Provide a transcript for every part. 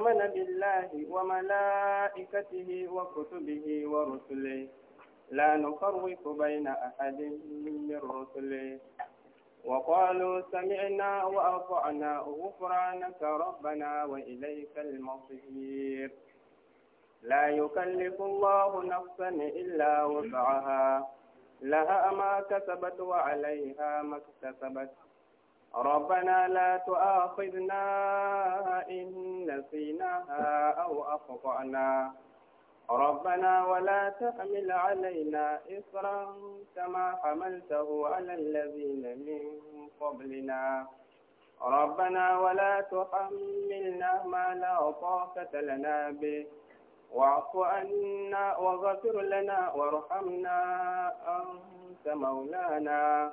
آمن بالله وملائكته وكتبه ورسله لا نفرق بين أحد من رسله وقالوا سمعنا وأطعنا غفرانك ربنا وإليك المصير لا يكلف الله نفسا إلا وسعها لها ما كسبت وعليها ما اكتسبت ربنا لا تؤاخذنا إن نسينا أو أخطأنا ربنا ولا تحمل علينا إصرا كما حملته على الذين من قبلنا ربنا ولا تحملنا ما لا طاقة لنا به واعف عنا وغفر لنا وارحمنا أنت مولانا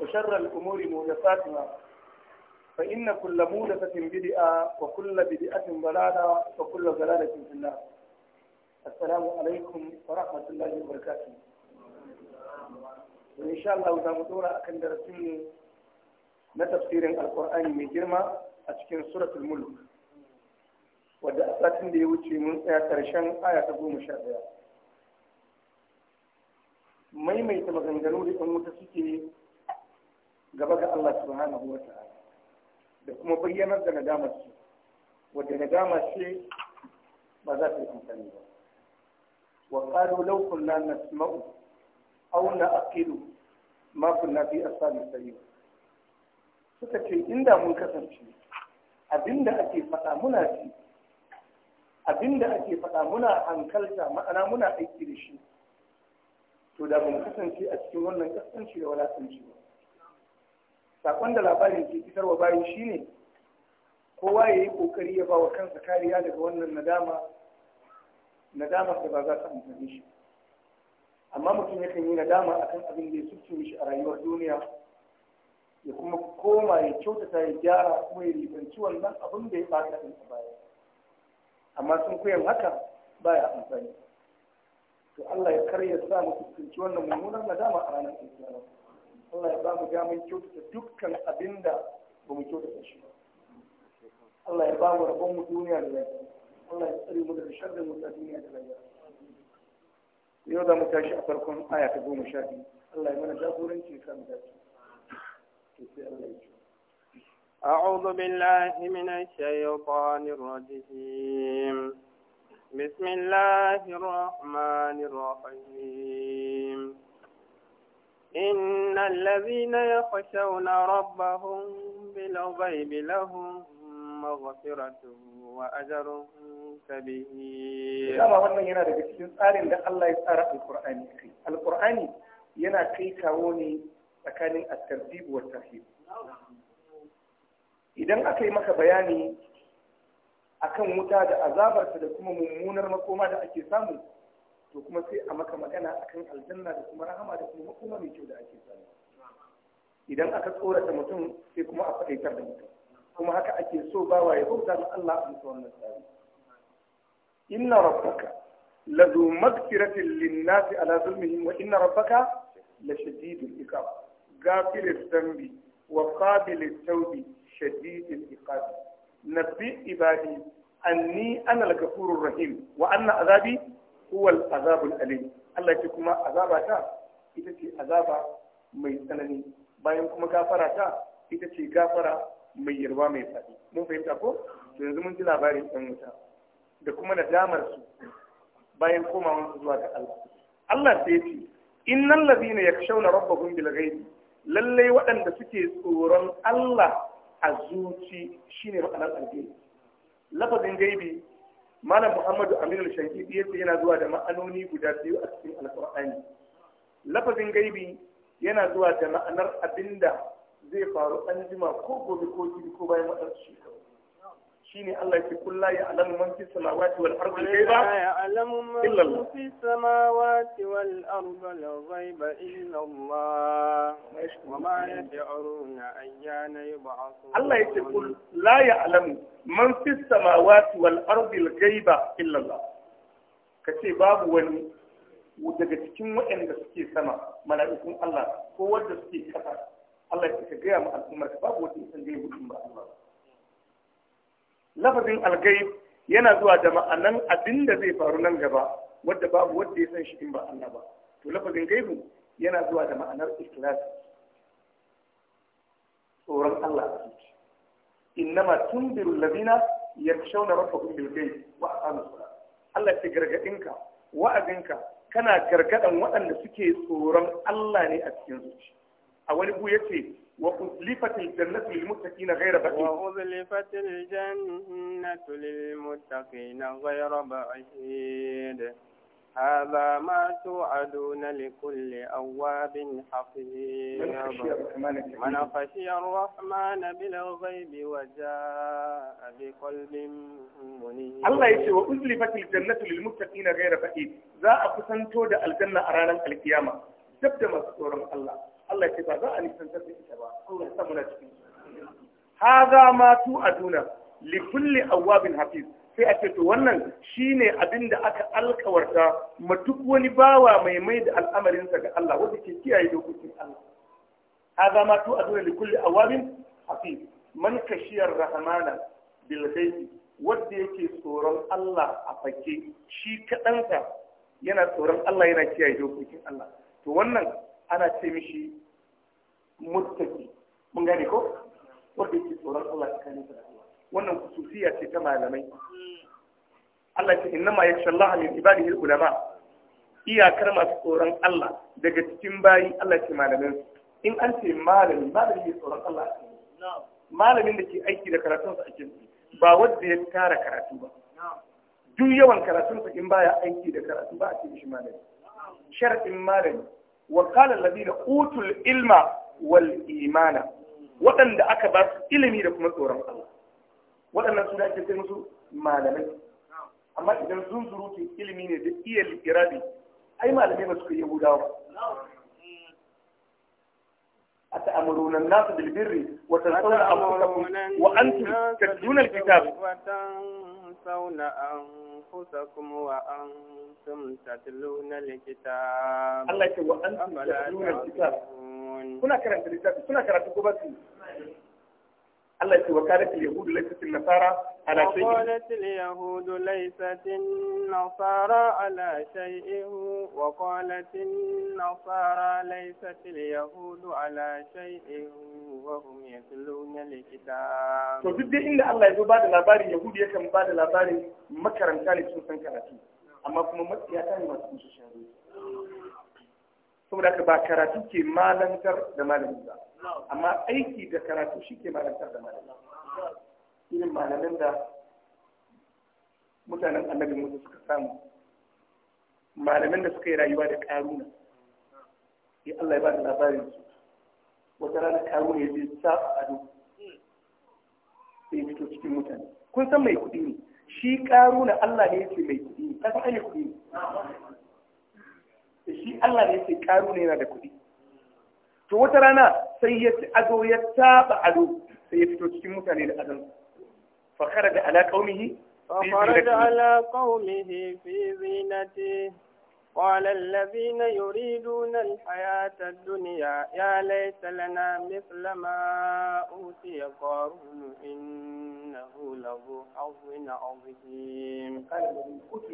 وشر الأمور محدثاتها فإن كل محدثة بدعة وكل بدعة ضلالة وكل ضلالة في النار السلام عليكم ورحمة الله وبركاته إن شاء الله za mu dora akan darasinmu na tafsirin alkur'ani mai girma a cikin suratul mulk wadda a satin da ya wuce mun tsaya karshen aya ta goma sha ɗaya maimaita maganganu da ɗan wuta suke gaba ga Allah subhanahu wa ta'ala da kuma bayyanar da nadamar su wadda nadama ce ba za ta yi amfani ba wa qalu law kunna nasma'u aw na'qilu ma kunna fi ashabi sayyid suka ce inda mun kasance abinda ake faɗa muna ci abinda ake faɗa muna hankalta ma'ana muna aiki da shi to da mun kasance a cikin wannan kasance da walakanci ba sakon da labarin ke fitarwa shi ne kowa ya yi kokari ya ba wa kansa kariya daga wannan nadama nadama da ba za ta amfani shi amma mutum yakan yi nadama a kan abin da ya suke shi a rayuwar duniya ya kuma koma ya kyautata ya gyara kuma ya ribanci wannan abin da ya bata din a baya amma sun koyan haka ba ya amfani to Allah ya karya sa mu fuskanci wannan mummunan nadama a ranar kiyama Allah ya ba mu damar kyautata dukkan abin da ba mu kyautata shi ba Allah ya ba mu rabon mu duniya da lafiya Allah ya tsare mu daga sharrin mu ta duniya da lafiya yau za mu tashi a farkon aya ta goma sha biyu Allah ya mana jagoranci ya samu dace to sai Allah ya ci أعوذ بالله من الشيطان الرجيم بسم الله الرحمن الرحيم إن الذين يخشون ربهم بالغيب لهم مغفرة وأجر كبير كما wannan yana daga cikin tsarin da Allah ya tsara alqur'ani kai yana kai kawo ni tsakanin at-tartib wa idan aka yi maka bayani akan wuta da azabarta da kuma mummunar makoma da ake samu to kuma sai a maka magana akan aljanna da kuma rahama da kuma makoma mai kyau da ake samu idan aka tsorata mutum sai kuma a faɗaitar da mutum kuma haka ake so bawa ya bauta ma Allah a bisa wannan tsari inna rabbaka lazu magfiratin linnasi ala zulmihim wa inna rabbaka la shadidul iqab ghafirud dambi, wa qabilut tawbi shadidul iqab nabbi ibadi anni ana al-ghafurur rahim wa anna azabi huwal azabul alim Allah ce kuma azaba ta ita ce azaba mai tsanani bayan kuma gafara ta ita ce gafara mai yarwa mai faɗi mun fahimta ko to yanzu mun ji labarin ɗan wuta da kuma damar su bayan komawa zuwa ga Allah Allah sai ya ce innal ladina yakshawna rabbahum bil ghaibi lalle waɗanda suke tsoron Allah a zuci shine ma'anar alheri lafazin gaibi malam muhammadu aminu shankidi yace yana zuwa da ma'anoni guda biyu a cikin alqur'ani lafazin gaibi yana zuwa da ma'anar abinda zai faru an jima ko gobe ko jibi ko bayan waɗansu shekaru shine Allah yake kulla ya alamu man fi samawati wal ardi ghaiba ya alamu man fi samawati wal ardi ghaiba illa Allah wa ma yad'uruna ayyana yub'athun Allah yake kul la ya alamu man fi samawati wal ardi ghaiba illa Allah kace babu wani daga cikin waɗanda suke sama mala'ikun Allah ko wanda suke kasa Allah ya ka gaya ma al'ummar babu wanda ya san gaibu ba Allah lafazin algaib yana zuwa da ma'anan abin da zai faru nan gaba wadda babu wadda ya san shi in ba Allah ba to lafazin gaibu yana zuwa da ma'anar ikhlas tsoron Allah a zuci innama tunbiru ladina yakshawna rabbahum bil ghaib wa aqamu salat Allah ya gargadinka wa'azinka kana gargadan waɗanda suke tsoron Allah ne a cikin zuci a wani bu yace وأزلفت الجنة للمتقين غير بعيد وأزلفت الجنة للمتقين غير بعيد هذا ما توعدون لكل أواب حفيظ من خشي الرحمن بالغيب وجاء بقلب منيب الله يشي وأزلفت الجنة للمتقين غير بعيد ذا أقسنتو دا الجنة أرانا القيامة تبدأ ما الله Allah ce ba za a nisantar da ita ba Allah ta muna cikin haza ma tu aduna li kulli awabin hafiz sai a ce to wannan ne abin da aka alkawarta ma duk wani bawa mai mai da al'amarinsa ga Allah wanda ke kiyaye dokokin Allah haza ma tu aduna li kulli awabin hafiz man kashiyar rahmana bil ghaibi wanda yake tsoron Allah a fake shi kaɗansa yana tsoron Allah yana kiyaye dokokin Allah to wannan ana ce mishi mutaki mun gane ko wanda yake tsoron Allah tsakanin da Allah wannan kususiya ce ta malamai Allah ce inna ma Allah min ibadihi ulama iyakar masu tsoron Allah daga cikin bayi Allah ce malamin in an ce malami malami ne tsoron Allah malamin da ke aiki da karatunsa a cikin ba wanda ya tara karatu ba duk yawan karatun sa in baya aiki da karatu ba a cikin shi malami shar'in malami wa qala alladhina utul ilma wal imana waɗanda aka ba ilimi da kuma tsoron Allah waɗannan su ake sai musu malamai amma idan sun surutu ilimi ne da iya likirabi ai malamai ba su kai yahudawa ba أتأمرون الناس بالبر وتنسون أنفسكم وأنتم تتلون الكتاب تنسون أَنفُسَكُمْ وأنتم تَتْلُونَ الْكِتَابَ الله يقول وأنتم تتلون الكتاب كنا كرنت الكتاب كنا كرنت Allah ce wakalat al-yahudu laysat an-nasara ala shay'in wakalat al-yahudu laysat an-nasara ala shay'in wa qalat an-nasara laysat al-yahudu ala shay'in wa hum yatluna al-kitab to duk inda Allah ya zo bada labarin yahudi yakan bada labarin makaranta ne sun san karatu amma kuma ta ne masu kusa shari'a saboda ka ba karatu ke malantar da malamin ba amma aiki da karatu shi ke marantar da malamai irin malamin da mutanen annabi musu suka samu malamin da suka yi rayuwa da karuna ya Allah ya ba da labarin su wata rana karuna ya je sa a ado sai fito cikin mutane kun san mai kuɗi ne shi karuna Allah ne yake mai kuɗi ne kasan ai kuɗi ne shi Allah ne yake karuna yana da kuɗi to wata rana sai ya ci ado ya taɓa ado sai ya fito cikin mutane da adam fa da alaƙaunihi qaumihi fa kharaja ala fi zinati قال الذين يريدون الحياة الدنيا يا ليت لنا مثل ما أوتي قارون إنه لذو حظ عظيم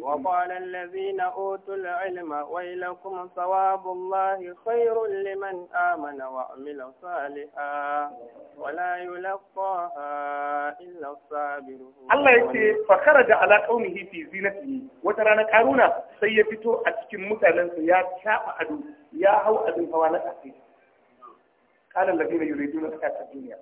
وقال الذين أوتوا العلم ويلكم ثواب الله خير لمن آمن وعمل صالحا ولا يلقاها إلا الصابرون الله يقول فخرج على قومه في زينته وترانا قارونا sai ya fito a cikin mutanensa ya shafa ado ya hau abin hawa na ƙafe kalan lafi da yuridu na ƙasa duniya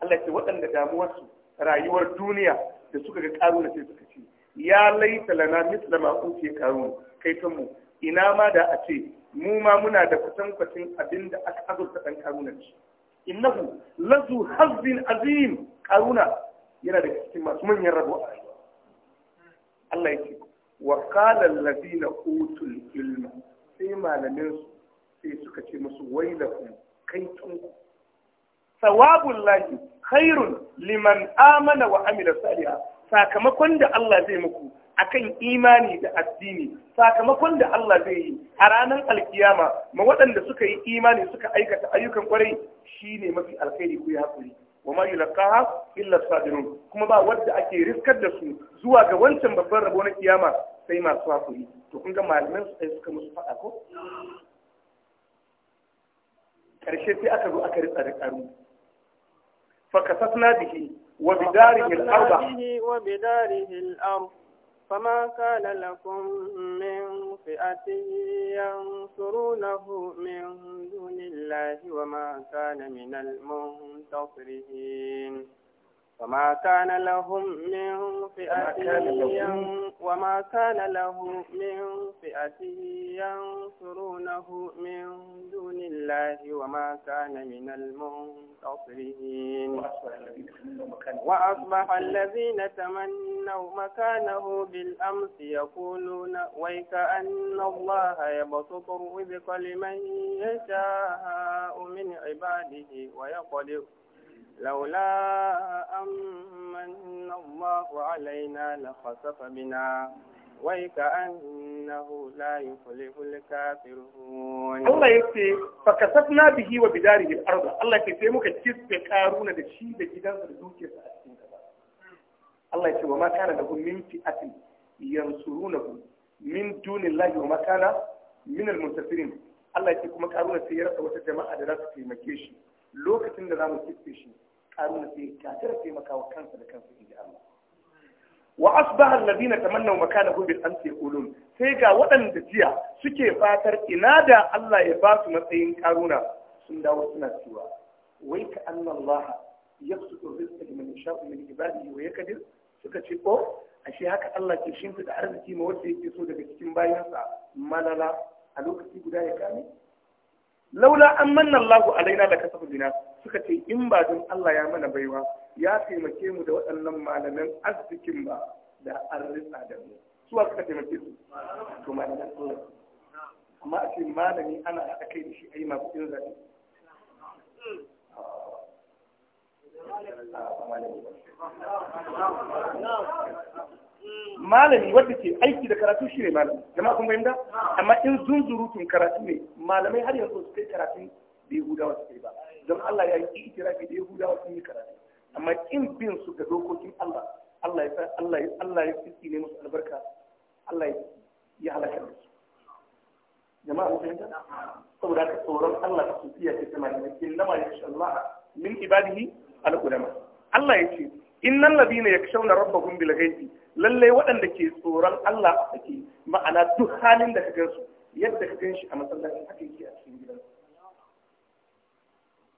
Allah ce waɗanda damuwarsu rayuwar duniya da suka ga ƙaruna sai suka ce ya laita lana misla ma ke ƙaruna kai mu. ina ma da a ce mu ma muna da kusan abin da aka azurta ɗan na ce innahu lazu hazbin azim ƙaruna yana da cikin masu manyan rabo a rayuwa Allah ya ce wa qala allazina utul ilma sai malamin su sai suka ce musu kai kaitunku sawabul lahi khairun liman amana wa amila saliha sakamakon da Allah zai muku akan imani da addini sakamakon da Allah zai yi a ranar alkiyama ma waɗanda suka yi imani suka aikata ayyukan kwarai shine mafi alkhairi ku ya hakuri wa ma yulqaha illa sabirun kuma ba wanda ake riskar da su zuwa ga wancan babban rabo na kiyama sai masu hakuri to kun ga malamin su sai suka musu faɗa ko karshe sai aka zo aka ritsa da karu fa kasafna bihi wa bidarihi al-ardh wa bidarihi al فما كان لكم من فئة ينصرونه من دون الله وما كان من المنتصرين وما كان لهم من فئة وما كان له من فئة ينصرونه من دون الله وما كان من المنتصرين وأصبح الذين تمنوا مكانه بالأمس يقولون ويكأن الله يبسط الرزق لمن يشاء من عباده ويقدر لولا أمن الله علينا لخسف بنا ويكأن innahu la al kafirun Allah yace fa kasafna bihi wa bidarihi al-ardh Allah yace sai muka kisbe karuna da shi da gidansa da dukiyarsa a cikin kasa Allah yace wa ma kana lahum min fi'atin yansurunahu min duni Allah wa ma kana min al muntasirin Allah yace kuma karuna sai ya rasa wata jama'a da za su taimake shi lokacin da za mu kisbe shi karuna sai ya taimaka wa kansa da kansa inji Allah wa asbaha Ladina tamannaw makanahu bil amsi yaqulun sai ga waɗanda jiya suke fatar ina da Allah ya ba su matsayin karuna sun dawo suna cewa wai ka annallaha yabsutu rizqa liman yasha'u min ibadihi wa yaqdir suka ce ko oh, ashe haka Allah ke shimfi da arziki ma wanda yake so daga cikin bayansa malala a lokaci guda ya kame laula an manna Allahu alaina da kasafu bina suka ce in ba don Allah ya mana baiwa ya taimake mu da waɗannan malaman arzikin ba da an ritsa da mu suwa suka taimake su to malaman su amma a ce malami ana haɗa kai da shi a yi masu ɗin zaɓe malami wadda ke aiki da karatu shi ne malami jama'a kun fahimta amma in zunzurutun karatu ne malamai har yanzu su kai karatun da huda wasu kai ba don Allah ya yi ikirafi da huda sun yi karatu amma kin bin su da dokokin Allah Allah ya Allah ya Allah ya tsitsi ne musu albarka Allah ya halaka su jama'a mun fahimta saboda haka tsoron Allah ta sufiya ce ta malama inna ma yasha Allah min ibadihi al ulama Allah yace innal ladina yakshawna rabbahum bil ghaibi lallai waɗanda ke tsoron Allah a sake ma'ana duk halin da ka gansu, yadda ka ganshi a masallacin haka yake a cikin gidan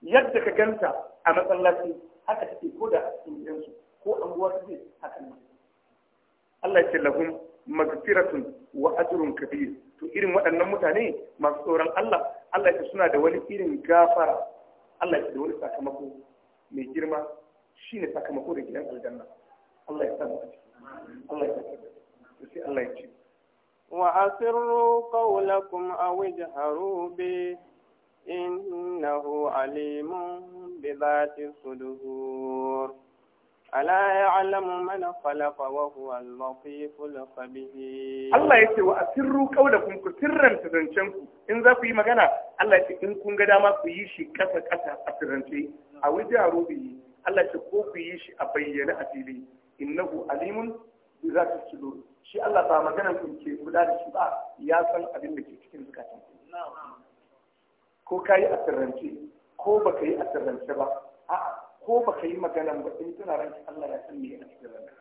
yadda ka ganta a masallaci haka take ko da a cikin gidansu ko anguwa ta ce haka ne Allah ya ce lahum magfiratun wa ajrun kabir to irin waɗannan mutane masu tsoron Allah Allah ya suna da wani irin gafara Allah ya da wani sakamako mai girma shine sakamako da gidan aljanna Allah ya samu a ciki Allah ya samu sai Allah ya ce wa asirru qawlakum aw ijharu bi innahu alimun bi ba ti ala ya alamu mana falafa wa huwa lafi fulafa bihi Allah ya ce wa a sirru da kun ku in za ku yi magana Allah ya ce in kun ga dama ku yi shi kasa kasa a tirance a wuce a rubi Allah ya ce ko ku yi shi a bayyana a fili innahu alimun bi ba ti sudur shi Allah ba magana kun ke guda da shi ba ya san abin da ke cikin zukatan ko ka yi a ko ba ka yi a sirrance ba a'a ko ba ka yi magana ba in tana ranki Allah ya san me yake cikin ranka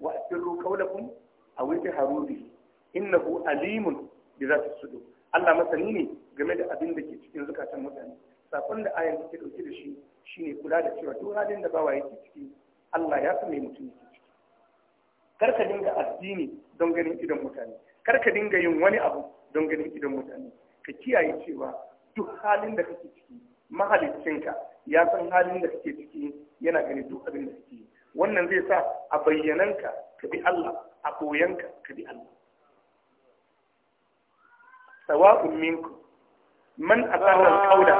wa asirru qawlakum aw tajharu bihi innahu alimun bi zati sudur Allah masani ne game da abin da ke cikin zukatan mutane sakon da ayan take dauke da shi shine kula da cewa duk halin da bawa yake ciki Allah ya san me mutum yake ciki kar ka dinga addini don ganin idan mutane kar ka dinga yin wani abu don ganin idan mutane ka kiyaye cewa duk halin da kake ciki mahaliccinka ya san halin da kake ciki yana ganin duk abin da kake wannan zai sa a bayyananka ka bi Allah a koyanka ka bi Allah sawa'un minkum man asarra al-qawla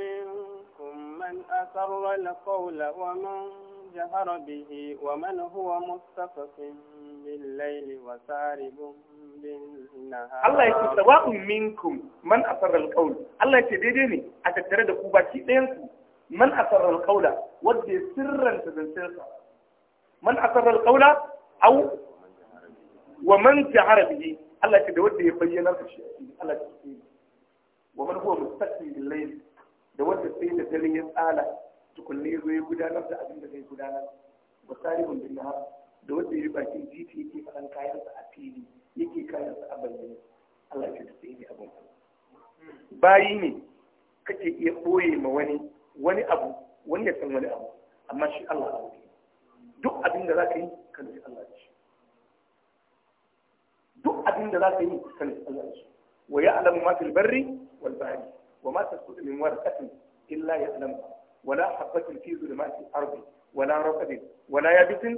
minkum man asarra al-qawla wa man man huwa ومن هو layli wa saribun Allah ya ce sawa'un minkum man asarra alqawl Allah ya ce daidai ne a tattare da ku baki ɗayan ku man asarra alqawla wanda ya sirranta zancen sa. man asarra alqawla aw wa man jahara bihi Allah ya ce da wanda ya bayyana shi Allah ya ce wa man huwa mustaqbil bil layl da wanda sai da dare ya tsala tukunne ya zo ya gudanar da abin da zai gudanar Ba sarihun bin nahar da wanda ya yi bakin titi yake faɗan kayansa a fili yake kayan sa abayin Allah ya ta tsaye abin hmm. bayi ne kake iya ɓoye ma wani wani abu wani ya san wani abu amma shi Allah abu ne duk abin da za ka yi kan nufi Allah da shi duk abin da za ka yi kan nufi Allah da shi wa ya alamu ma fil barri wal bahri wa ma tasqutu min warqatin illa ya'lamu wa la habatin fi zulumati ardi wa la raqabin wa la yabisin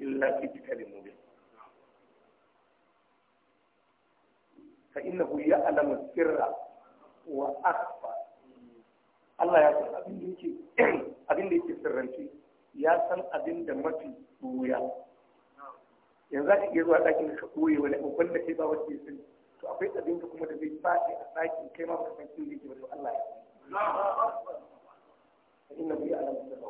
illa fi kitabin mubin fa innahu ya'lamu sirra wa akhfa Allah ya san abin da yake abin da yake sirrance ya san abin da mafi buya yanzu ka iya zuwa ɗakin ka koye wani abubuwan da kai ba wanda ya sani to akwai abin ka kuma da zai faɗi a ɗakin kai ma baka san kin da yake ba to Allah ya san fa innahu ya'lamu sirra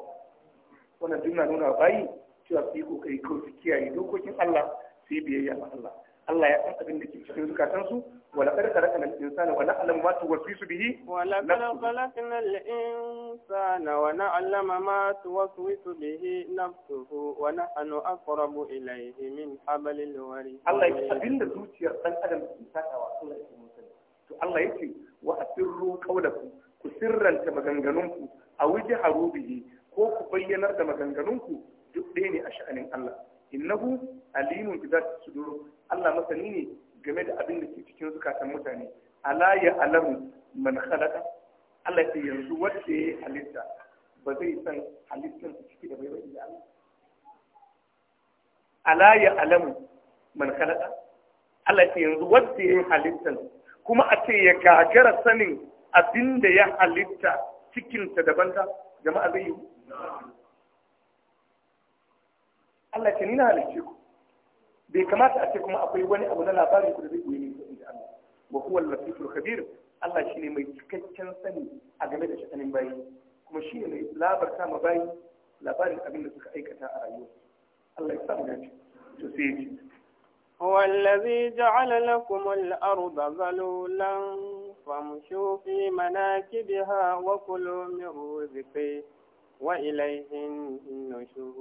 wannan duk na nuna bayi cewa su yi kokari kawai su kiyaye dokokin Allah sai biyayya ga Allah Allah ya san abin ke cikin zukatansu wa laqad khalaqna al-insana wa na'lamu ma tuwaswisu bihi wa laqad khalaqna al-insana wa na'lamu ma tuwaswisu bihi nafsuhu wa nahnu aqrabu ilayhi min hablil warid Allah ya san abin zuciyar ɗan adam ke saka wa Allah to Allah yake wa asirru qawlakum ku sirranta maganganunku a wajen harobi ko ku bayyanar da maganganunku duk ɗaya ne a sha'anin Allah innahu alimun bi zati sudur Allah masani ne game da abin da ke cikin zukatan mutane ala ya alamu man khalaqa Allah sai yanzu wacce ya halitta ba zai san halittar su ciki da bai bai da Allah ala ya alamu man khalaqa Allah sai yanzu wacce ya halittar kuma a ce ya gagara sanin abin da ya halitta cikin ta daban ta jama'a zai yi Allah ce ni na halicce ku bai kamata a ce kuma akwai wani abu na labarin ku da zai goyi ku inda Allah wa huwa al-latiful khabir Allah shine mai cikakken sani a game da sha'anin bayi kuma shine mai labarta ma bayi labarin abin da suka aikata a rayuwa Allah ya samu dace to sai ya ce هو الذي جعل لكم الأرض ذلولا فامشوا في مناكبها وكلوا من رزقه wa ilaihin nushur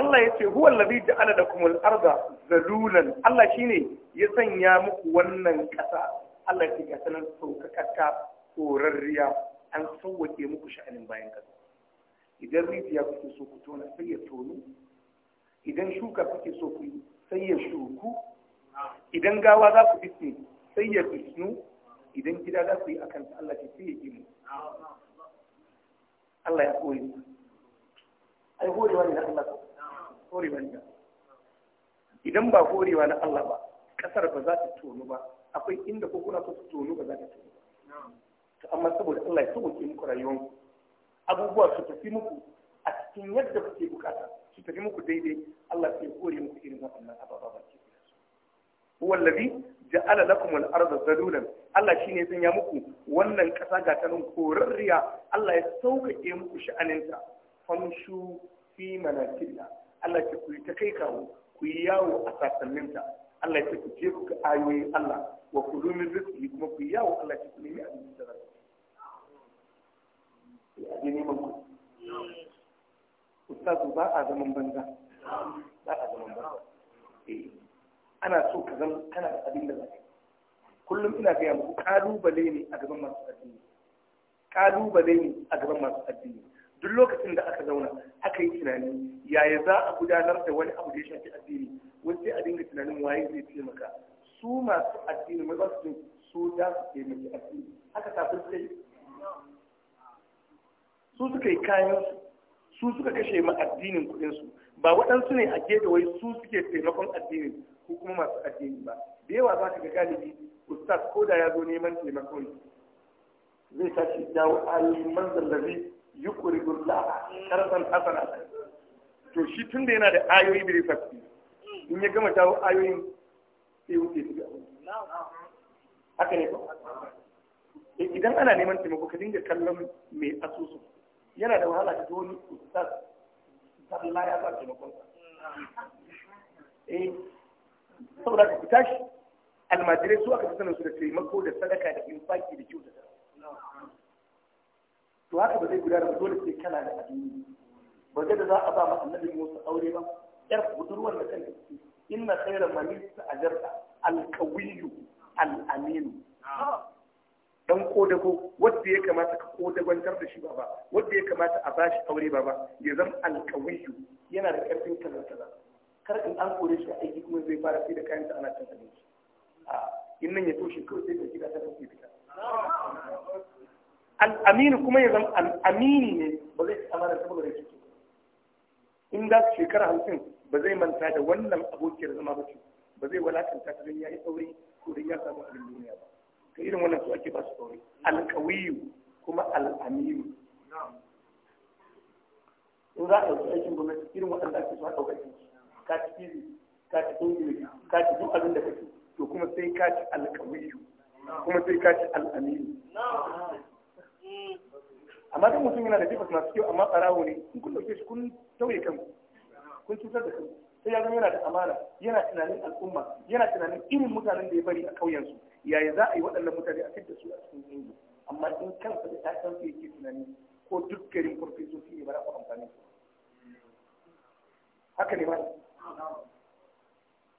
Allah yace huwa allazi ja'ala lakum al-arda zalulan Allah shine ya sanya muku wannan kasa Allah ya ga sanan saukakakka horarriya an sauwake muku sha'anin bayan kasa idan rijiya kuke so ku tona sai ya tono idan shuka kuke so ku sai ya shuku idan gawa za ku bisne sai ya bisnu idan gida za ku yi akan Allah ya sai ya gini. Allah ya koyi ai horewa ne na Allah ba horewa ne idan ba horewa na Allah ba kasar ba za ta tono ba akwai inda ko kuna so su tono ba za ta tono ba to amma saboda Allah ya sauke muku rayuwar abubuwa su tafi muku a cikin yadda kuke bukata su tafi muku daidai Allah sai hore muku irin wannan ababa ba ke huwa alladhi ja'ala lakum al-ardha zalulan Allah shine ya sanya muku wannan kasa ga tanin korarriya Allah ya sauƙaƙe muku sha'aninta famshu fi manakilla Allah ya ku ta kai kawo ku yi yawo a sasanninta Allah ya ku je ku ga ayoyin Allah wa ku min rizqi kuma ku yi yawo Allah ya ku nemi abinci da rai ya je neman ku ustazu ba a zaman banza ba a zaman banza eh, ana so ka zama kana da abin da zaka kullum ina gaya muku kalubale ne a gaban masu addini kalubale ne a gaban masu addini duk lokacin da aka zauna aka yi tunani yaya za a gudanar da wani abu da ya shafi addini wani sai a dinga tunanin waye zai taimaka su masu addini mai wasu su su da su taimaki addini haka kafin sai su suka yi kayan su suka kashe ma addinin kuɗinsu ba waɗansu ne a gefe wai su suke taimakon addinin ko kuma masu addini ba da yawa za ka ga galibi ustaz ko da ya zo neman taimakon zai tashi dawo da zai yuqridullah qardan hasana to shi tun tunda yana da ayoyi bai fasu in ya gama jawo ayoyin sai wuce su ga haka ne ko eh, idan ana neman taimako ka dinga kallon mai asusu yana da wahala ka wani ustaz sallah ya ba taimakon eh saboda ka fita shi almajirai su aka fi sanin su da taimako da sadaka da infaki da kyautata to haka ba zai gudana ba dole sai kana da addini ba zai da za a ba ma annabi Musa aure ba yar budurwar da kanta ce inna khayra man ajarta al-qawiyyu al-amin dan kodago wanda ya kamata ka kodagantar da shi ba ba, wanda ya kamata a bashi aure ba ba, ya zama alkawiyyu yana da karfin kaza kar in an kore shi a aiki kuma zai fara sai da kayan ana cin abinci a in nan ya toshe kawai sai da gida ta tafi fita al'aminu kuma ya zama al'amini ne ba zai ci amana saboda da ciki in za su shekara hamsin ba zai manta da wannan abokiyar zama ba ce ba zai walakanta ta don ya yi tsauri ko don ya samu abin duniya ba ka irin wannan su ake ba su tsauri alƙawiyu kuma al'aminu in za a ɗauki aikin gwamnati irin waɗanda ake so a ɗauka aiki ka ci fizi ka ci ingili ka ci duk abin da kake to kuma sai ka ci alƙawiyu kuma sai ka ci al'aminu amma dan mutum yana da jefa masu kyau amma ɓarawo ne in kun ɗauke shi kun tauye kanku kun cutar da kanku sai ya zama yana da amana yana tunanin al'umma yana tunanin irin mutanen da ya bari a ƙauyensu yaya za a yi waɗannan mutane a fitar su a cikin inji amma in kansa da ta'yansa yake tunani ko duk garin su ne ba za ku amfani su haka ne ba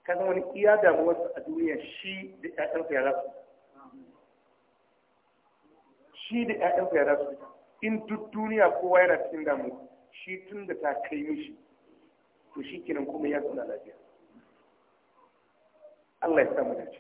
ka zama wani iya damuwarsa a duniya shi da ta'yansa ya za su shi da ta'yansa ya za su fita in duk duniya kowa yana cikin damu shi tun da ta kai mishi to shi kenan kuma ya zauna lafiya Allah ya samu da shi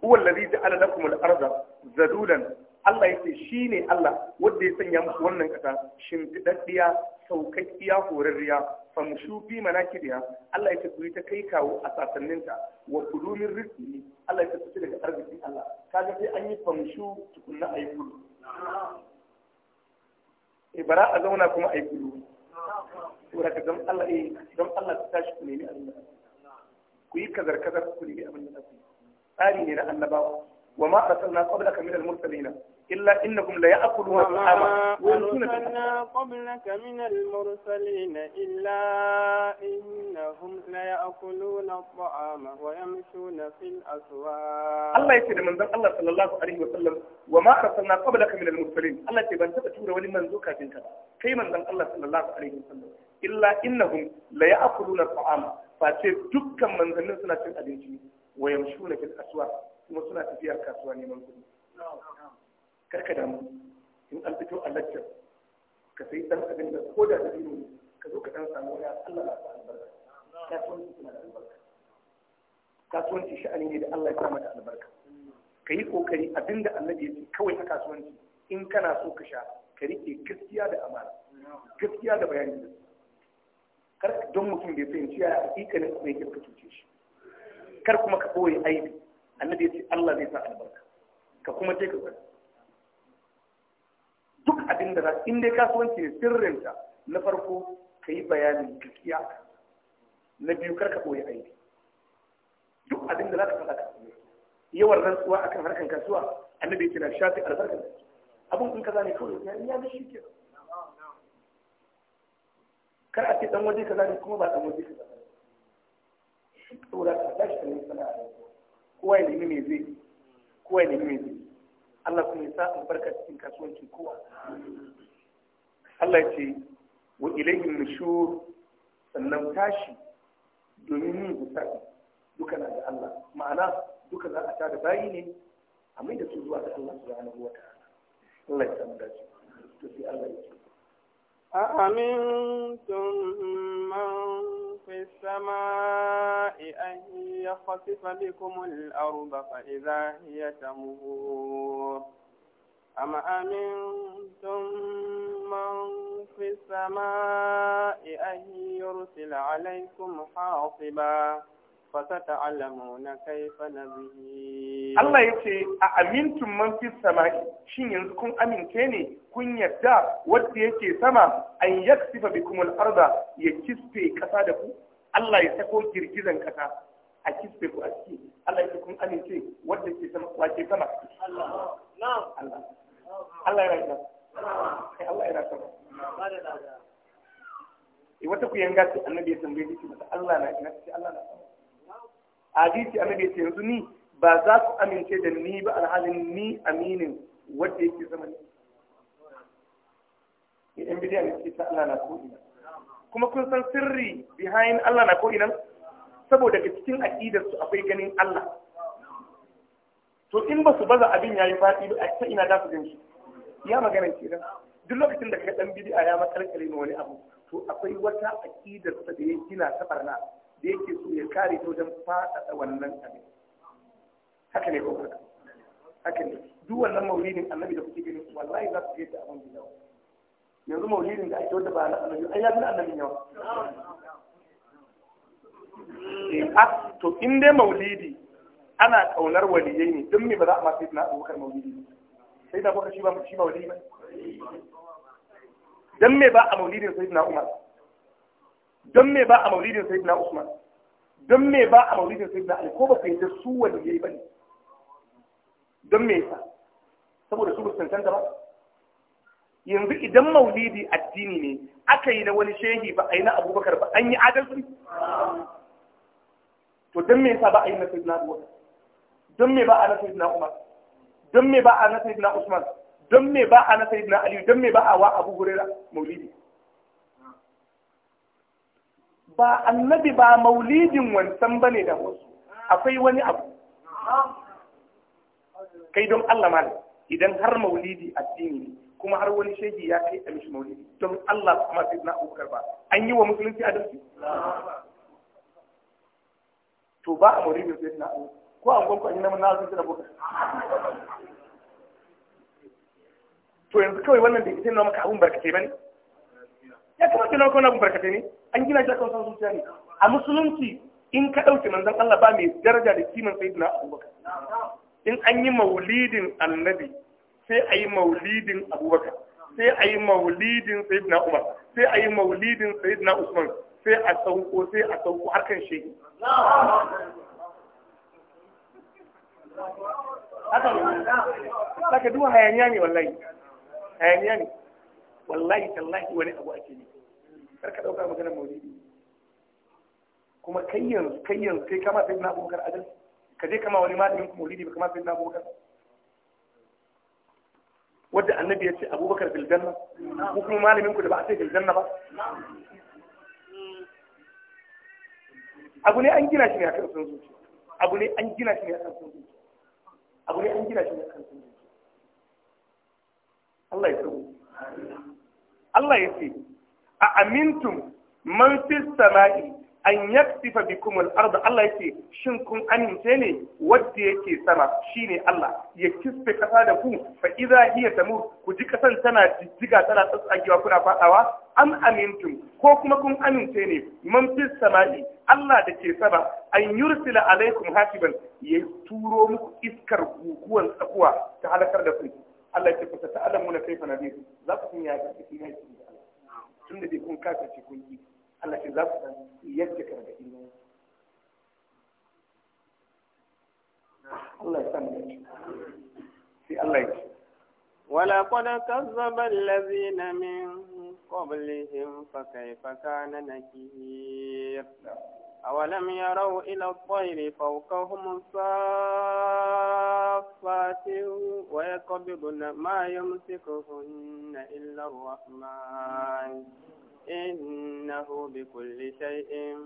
huwa allazi ja'ala lakum al-ardha zadulan Allah shi shine Allah wanda ya sanya musu wannan kasa shimfidaddiya saukakkiya horarriya famshu fi manakibiya Allah yake kuri ta kai kawo a sasanninta wa kulumin rizqi Allah yake ku daga arziki Allah kaga sai an yi famshu tukunna ayi kulu Ibara eh, a zauna kuma a yi kudu saboda ka zama Allah eh don Allah ku tashi ku nemi abin da ku yi kazar kazar ku nemi abin da ku tsari ne na annabawa wa ma arsalna qablaka min al-mursalina إلا إنكم لا يأكلون الطعام ويمسون قبلك من المرسلين إلا إنهم لا يأكلون الطعام ويمشون في الأسواق الله يسير من ذلك الله صلى الله عليه وسلم وما أرسلنا قبلك من المرسلين الله يسير من ذلك تورا ولمن ذوكا تنكا كي من ذلك الله صلى الله عليه وسلم إلا إنهم لا يأكلون الطعام فأتي دكا من ذلك سنة الأدنجي ويمشون في الأسواق ثم سنة فيها الكاسواني من karka damu in an fito a laccar ka sai dan abin da ko da dabino ka zo ka dan samu wani Allah ya sa albarka kasuwanci suna da albarka kasuwanci sha'ani ne da Allah ya sa mata albarka ka yi kokari abinda annabi ya ce kawai a kasuwanci in kana so ka sha ka rike gaskiya da amana gaskiya da bayani kar don mutum bai fahimci ya hakikanin kuma yake ka cuce shi kar kuma ka koyi aibi annabi ya ce Allah zai sa albarka ka kuma je ka gwada duk abin da inda in kasuwanci ne sirrinta na farko ka yi bayanin gaskiya na biyu karka ɓoye aiki duk abin da za ka faɗa ka yawan rantsuwa akan harkan kasuwa annabi yake ce na shafi albarkar abun in ka zane kawai ya ya ga shi ke kar a ce dan waje ka zane kuma ba dan waje kaza saboda ka tashi da sana'a kowa ya nemi ne zai kowa ya nemi ne zai Allah kuma ya sa albarka cikin kasuwancin kowa Allah ce wa ilayhin nushur sannan tashi domin yin hisabi duka na da Allah ma'ana duka za a tada bayi ne a mai da su zuwa ga Allah subhanahu wa ta'ala Allah ya samu dace to sai Allah ya ce amintun من في السماء أن يخصف بكم الأرض فإذا هي تمور أم أمنتم من في السماء أن يرسل عليكم حاصبا فستعلمون كيف نذير الله يقول أأمنتم من في السماء شين ينزكم أمنتيني kun yadda wanda yake sama an yaksifa kuma arda ya kisfe kasa da ku Allah ya sako girgizan kasa a kisfe ku a ciki Allah ya ce kun amince wanda ke sama wa ke sama Allah Allah Allah ya rahama Allah ya rahama e eh, wata ku yanga ce annabi ya tambaye ki mata Allah na ina ce Allah na sama hadisi annabi ya ce yanzu ni ba za ku amince da ni ba alhalin ni aminin wanda yake sama ne ya bi dai ne suke ta Allah na ko ina kuma kun san sirri behind Allah na ko ina saboda ga cikin aqidar su akwai ganin Allah to in ba su baza abin yayi fadi ba a ta ina da su ganshi ya magana kenan duk lokacin da ka dan bidiya ya makalkale ne wani abu to akwai wata aqidar sa da ya gina ta barna da yake so ya kare to wajen faɗaɗa wannan abin haka ne ko haka ne duk wannan maulidin annabi da kuke gani wallahi za su je da abin da yanzu maulidin da ake wanda ba na annabi ai ya fi annabin yawa eh, a ah, to in dai maulidi ana kaunar waliyai ne din me ba za a ma masu na abubakar maulidi sai da baka shi ba shi ba wali ba dan me ba a maulidin sayyidina umar dan me ba a maulidin sayyidina usman dan me ba a maulidin sayyidina ali ko ba kai da su waliyai ne? dan me yasa saboda su ba tantance ba yanzu idan maulidi addini ne aka yi na wani shehi ba a yi na abubakar ba an yi adalci to don me yasa ba a yi na sayyidina abubakar don me ba a na sayyidina umar don me ba a na sayyidina usman don me ba a na sayyidina aliyu don me ba a wa abu da maulidi ba annabi ba maulidin wancan bane da wasu akwai wani abu kai don Allah malam idan har maulidi addini ne kuma har wani shege ya kai a mishi don Allah kuma sai na abubakar ba an yi wa musulunci adalci to ba a maulidin sai na abubakar ko an gwanko an yi namun nazarin da abubakar to yanzu kawai wannan da ita nuna maka abun barkatai ba ne ya kamata na kawai abun barkatai ne an gina shi akan son zuciya ne a musulunci in ka ɗauke manzon Allah ba mai daraja da kiman sayyidina abubakar in an yi maulidin annabi sai a yi maulidin abubakar sai a yi maulidin sayyidina umar sai a yi maulidin sayyidina usman sai a sauko sai a sauko har kan shehi haka duwa hayaniya ne wallahi hayaniya ne wallahi tallahi wani abu ake ne karka dauka magana maulidi kuma kai yanzu kai yanzu kai kama sayyidina abubakar adal ka je kama wani malamin maulidi ba kama sayyidina abubakar wadda annabi ya ce abubakar biljanna ko kuma malamin ku da ba a ce biljanna ba abu ne an gina shi ne kan sun zuci abu ne an gina shi ne a sun zuci abu ne an gina shi ne akan sun zuci Allah ya tsawo Allah ya ce a amintum man fi sama'i an yaktifa bikum al-ardh Allah yake shin kun amince ne wanda yake sama shine Allah ya kisfe kasa da ku fa idza hiya tamur ku ji kasan tana jijjiga tana tsatsagewa kuna fadawa am amintum ko kuma kun amince ne man fi sama'i Allah da ke sama an yursila alaikum hasiban ya turo muku iskar guguwan tsakuwa ta halakar da ku Allah ya ce ta alamuna kaifa nabi za ku kun ya ga cikin Allah tunda kun kasa cikin Allah shi za su dan yanke gargaɗi ne Allah ya san da shi sai Allah ya ce ولقد كذب الذين من قبلهم فكيف كان نكير أولم يروا إلى الطير فوقهم صافات ويقبضن ما يمسكهن إلا الرحمن إنه بكل شيء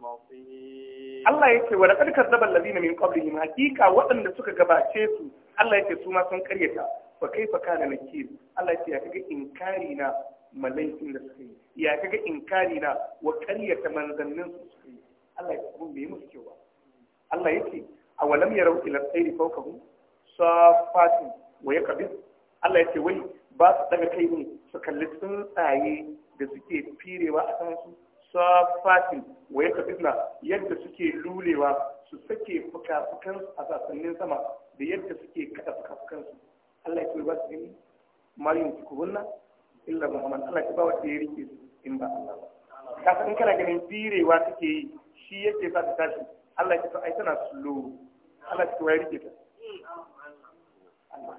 بصير الله يكي ولقد كذب الذين من قبلهم حقيقة وأن سك جباشيسو الله يكي سوما سن كريتا فكيف كان نكير الله يكي يكي إنكارنا malaifin da suka yi ya kaga inkari na wa karyata manzannin su suka yi Allah ya kuma bai musu kyau ba Allah yake a walam yarau ila tsairi fawkahum safatin wa yaqbid Allah yake wai ba su daga kai ne su kalli tsuntsaye da suke firewa a kansu safatin wa yaka fitna yadda suke lulewa su sake fuka-fukan a sassanin sama da yadda suke kada fuka-fukan su Allah ya ba su yi ku tukuhunna illa muhammad Allah ya ba wa ya rike su in ba Allah ba kasan in kana ganin firewa take yi shi yake sa ta tashi Allah ya ce ai tana slow Allah ya ce ya rike ta Allah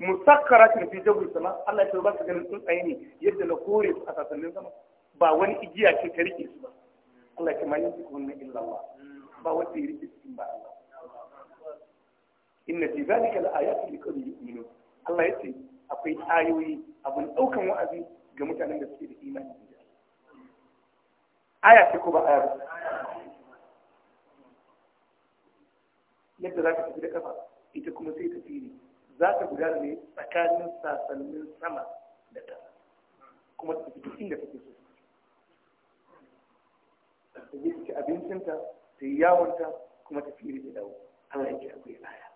musakkaratin fi jabri sama Allah ya ba su ganin tsuntsaye ne yadda na kore su a sasannin sama ba wani igiya ce ta rike su ba Allah ya mai yin su kunna illa Allah ba wani ya rike su ba Allah inna fi zalika laayatin liqawmin yu'minun Allah ya ce akwai ayoyi abun daukan wa'azi ga mutanen da suke da imani aya ce ko ba aya ba yadda za ka tafi da kafa ita kuma sai ta fili za ta gudana ne tsakanin sasannin sama da ƙasa kuma ta fito inda take so ta je ci abincinta ta yi yawonta kuma ta fiye da dawo Allah yake akwai baya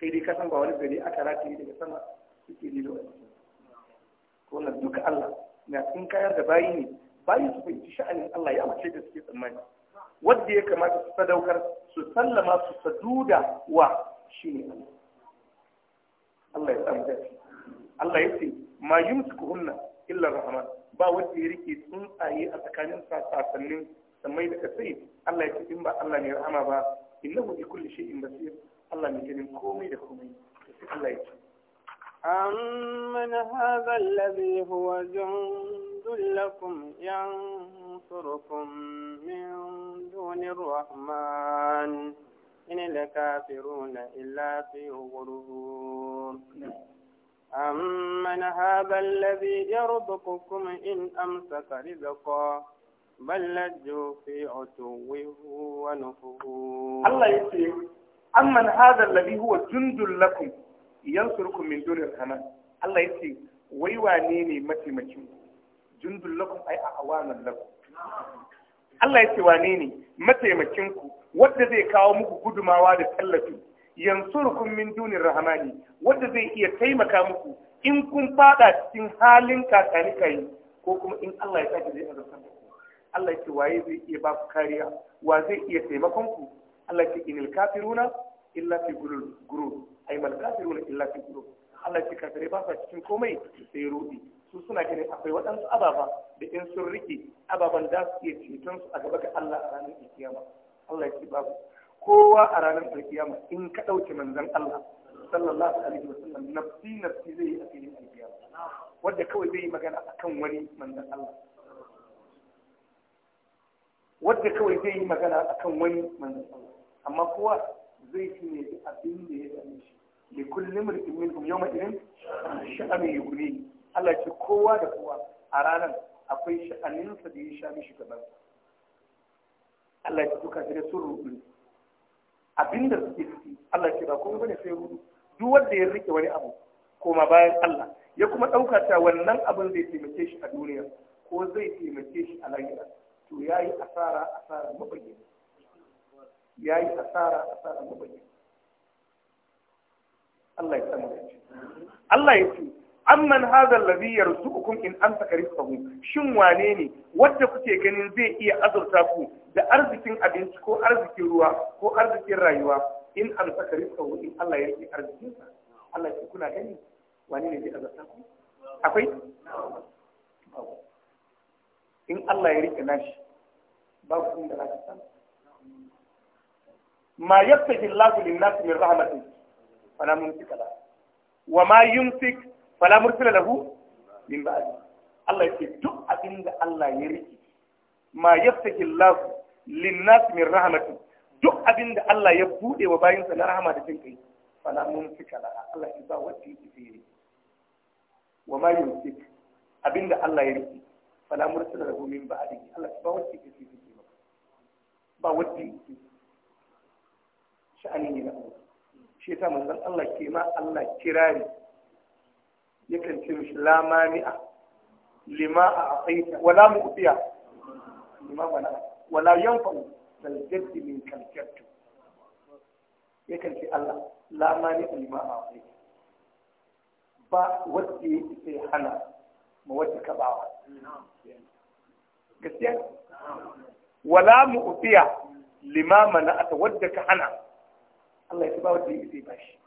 kai dai kasan ba wani gari aka yi daga sama suke lilo wani Ko na duka Allah na sun kayar da bayi ne bayi su fahimci sha'anin Allah ya mace da suke tsammani wadda ya kamata su sadaukar su sallama su saduda wa shi ne Allah Allah ya samu dace Allah ya ce ma yumsikuhunna illa rahman ba wanda ya rike tsuntsaye a tsakanin sasannin samai da kasai Allah ya ce in ba Allah ne rahama ba innahu bi kulli shay'in basir Allah mai ganin komai da komai sai Allah ya ce أمن هذا الذي هو جند لكم ينصركم من دون الرحمن إن الكافرون إلا في غرور أمن هذا الذي يرزقكم إن أمسك رزقا بل لجوا في عتوه ونفور الله يسلم أمن هذا الذي هو جند لكم ينصركم من دون الحمام الله يسلم ويوانيني متي متي جند لكم أي أعوانا لكم Allah ya ce wane ne mataimakinku wanda zai kawo muku gudumawa da tallafi yansurukum min dunin rahmani wanda zai iya taimaka muku in kun fada cikin halin kai ko kuma in Allah ya sake zai azabtar da ku Allah ya ce waye zai iya ba ku kariya wa zai iya taimakon ku Allah ya ce inil kafiruna illa fi gurur ai mal kafiruna illa fi gurur Allah ya ce kafirai ba sa cikin komai sai rudi su suna ganin akwai waɗansu ababa da in sun rike ababen da su iya ceton su a gaba ga Allah a ranar alkiyama Allah ya ce babu kowa a ranar alkiyama in ka ɗauke manzon Allah sallallahu alaihi wa sallam nafsi nafsi zai yi a filin alkiyama wanda kawai zai yi magana akan wani manzon Allah wanda kawai zai yi magana akan wani manzon Allah amma kowa zai fi ne abin da ya dame shi li kulli mar'in minhum yawma idin sha'ani yughni Allah ya ce kowa da kowa a ranar akwai sha'aninsa da ya sha mishi gaban Allah ya tuka shi da sun rubu abinda suke ciki Allah ya ce ba kuma bane sai rubu duk wanda ya rike wani abu koma bayan Allah ya kuma ɗauka ta wannan abin zai taimake shi a duniya ko zai taimake shi a lahira to ya yi asara asara mabayyana ya yi asara asara mabayyana Allah ya samu da Allah ya ce amman hadha alladhi yarzuqukum in amsaka rizqahu shin wane ne wanda kuke ganin zai iya azurta ku da arzikin abinci ko arzikin ruwa ko arzikin rayuwa in amsaka rizqahu in Allah ya yi arzikinsa Allah ya kuna gani wane ne zai azurta ku akwai in Allah ya rike nashi babu kun da zaka san ma yaftahi Allahu lin-nasi min rahmatin fala mumsika lahu wa ma yumsik fala mursila lahu min ba'd Allah yake duk abin da Allah ya riki ma yaftahi Allah linnas min rahmatin duk abin da Allah ya bude wa bayinsa na rahama da jin kai fala mumsika laha Allah ya ba wacce yake tsere wa ma yumsik abin da Allah ya riki fala mursila lahu min ba'd Allah ya ba wacce yake tsere ba wacce yake sha'ani ne na Allah shi ta manzon Allah ke ma Allah kirari yakan ce mishi la mani'a lima a afaita wala mu mu'tiya lima wala wala yanfa'u dal jaddi min kal yakan ce Allah la mani'a lima a afaita ba wanda ya ce hana ma wanda ka bawa gaskiya wala mu mu'tiya lima mana'ata wadda ka hana Allah ya ba wanda ya ce ba shi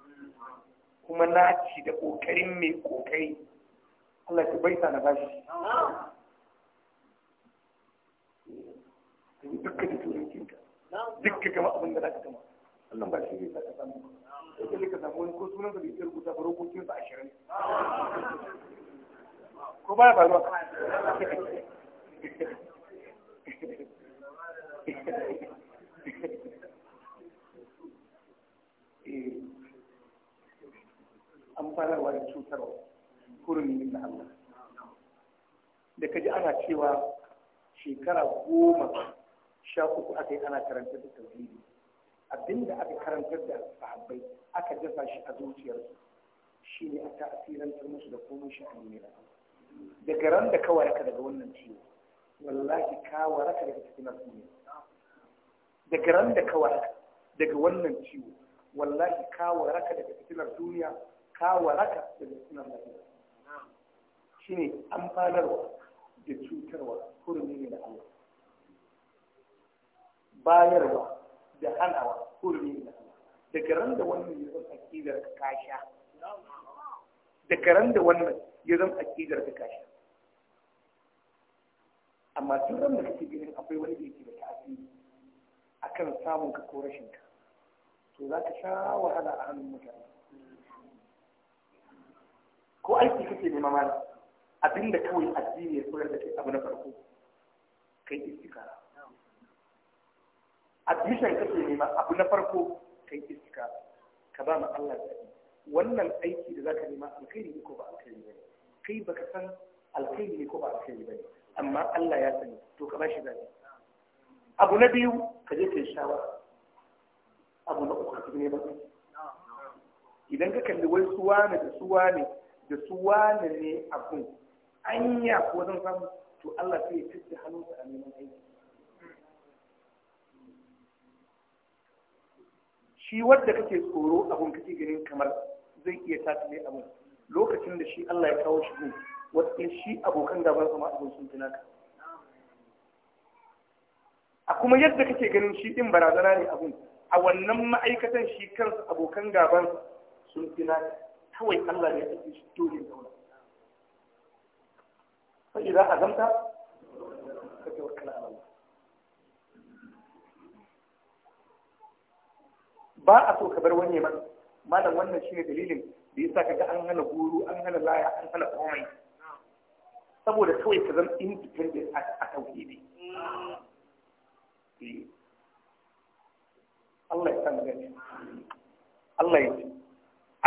kuma na ci da ƙoƙarin mai ƙoƙari Allah ta baita na bashi eh, dukkan da turancin ka dukkan gama abin da za ka gama Allah ba shi zai za samu ba sai ka samu wani ko sunan da bai rubuta ba rubutunsa ashirin ko ba ba ruwa you. An amfanarwa da cutarwa hurumi na Allah da kaji ana cewa shekara goma sha uku aka yi ana karantar da tauhidi abinda aka karantar da sahabbai aka dafa shi a zuciyarsu shine a ta'asirantar musu da komai shi a ne daga ran da ka waraka daga wannan ciwo wallahi ka waraka daga cikin al'umma daga ran da ka waraka daga wannan ciwo wallahi ka waraka daga fitilar duniya ka da daga sunan lafiya shi ne amfanarwa da cutarwa hurumi ne da Allah bayarwa da hanawa hurumi ne da Allah daga ran da wannan ya zama akidar ka kasha daga ran da wannan ya zama akidar ka kasha amma tun ran da kake ganin akwai wani da yake da ta'asiri akan samun ka ko rashin ka to za ka sha wahala a hannun mutane ko aiki kake nema mana abinda kawai addini ya koyar da kai abu na farko kai istikara admission kake nema abu na farko kai istikara ka ba ma Allah zaɓi wannan aiki da zaka nema alkhairi ne ko ba alkhairi ba kai baka san alkhairi ne ko ba alkhairi ba amma Allah ya sani to ka ba shi zaɓi abu na biyu ka je kai shawara abu na uku ka ne ba idan ka kalli wai suwa ne da suwa ne da su wane ne abin anya ko zan samu to Allah sai ya fitta hannunsa a neman aiki shi wanda kake tsoro abun kake ganin kamar zai iya ne abun lokacin da shi Allah ya kawo shi ne wasu shi abokan gaban kuma abun sun fi naka a kuma yadda kake ganin shi din barazana ne abun a wannan ma'aikatan shi kansa abokan gaban sun fi naka kawai Allah ne ya shi dole da wannan fa idza azamta ka tawakkala ala Allah ba a so ka bar wani ba malam wannan shine dalilin da yasa kaga an hana guru an hana laya an hana komai saboda kawai ka zama independent a tauhidi eh. Allah ya san Allah ya ce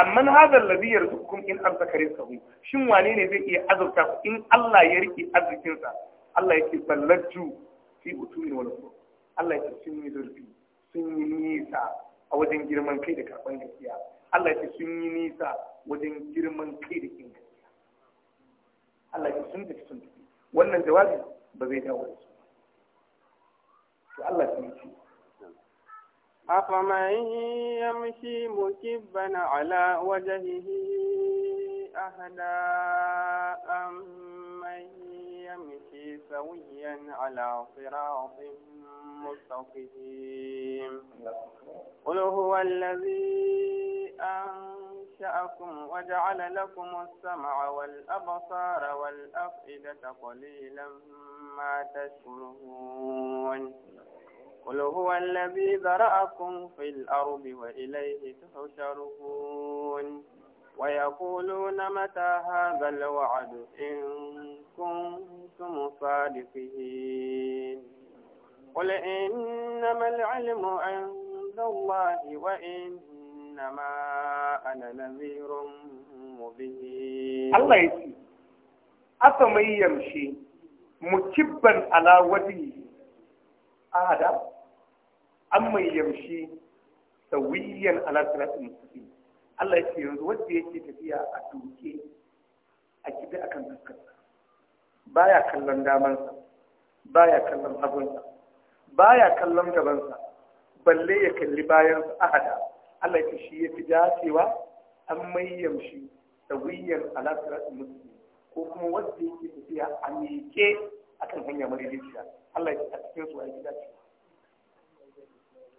amma na hadha alladhi yarzuqukum in amsaka rizqahu shin wane ne zai iya azurta ku in Allah ya rike arzikin sa Allah yake ballatu fi utumi wal Allah yake sun yi zurfi sun yi nisa a wajen girman kai da karban gaskiya Allah yake sun yi nisa wajen girman kai da kin gaskiya Allah yake sun tafi sun tafi wannan jawabi ba zai dawo da su to Allah ya ce أفمن يمشي مكبا على وجهه أهدى أمن يمشي سويا على صراط مستقيم قل هو الذي أنشأكم وجعل لكم السمع والأبصار والأفئدة قليلا ما تشكرون وهو الذي ذرأكم في الأرض وإليه تحشرون ويقولون متى هذا الوعد إن كنتم صادقين قل إنما العلم عند الله وإنما أنا نذير مبين الله يسي أفمن يمشي مكبا على وجهه أهدى an mai yamshi sawiyan ala siratin mustaqim Allah yake yanzu wanda yake tafiya a duke a kibi akan fuskarsa baya kallon damansa baya kallon hagunsa baya kallon gabansa balle ya kalli bayan ahada Allah yake shi yafi dacewa an mai yamshi sawiyan ala siratin mustaqim ko kuma wanda yake tafiya a miƙe akan hanya mara Allah yake a cikin su a gida ce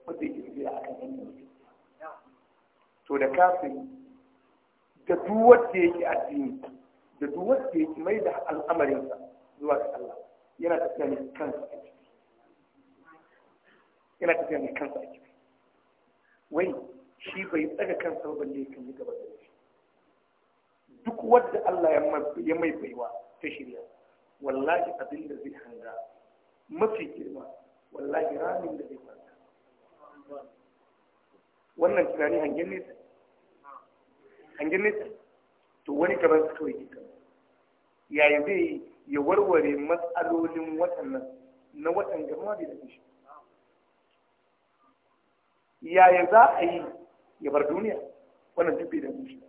wanda yake tafiya akan hanyar mutum to da kafin da duk wanda yake addini da duk wanda yake mai da al'amarinsa zuwa ga Allah yana tafiya ne kansa a ciki yana tafiya ne kansa a ciki wai shi bai tsaga kansa ba balle kan yi gaba da shi duk wadda Allah ya mai baiwa ta shirya wallahi abin da zai hanga mafi girma wallahi ramin da zai kwanta wannan tunani hangen nesa hangen nesa to wani gaban su kawai kika yaya zai ya warware matsalolin watannan na watan gama bai da shi yaya za a yi ya bar duniya wannan duk bai da shi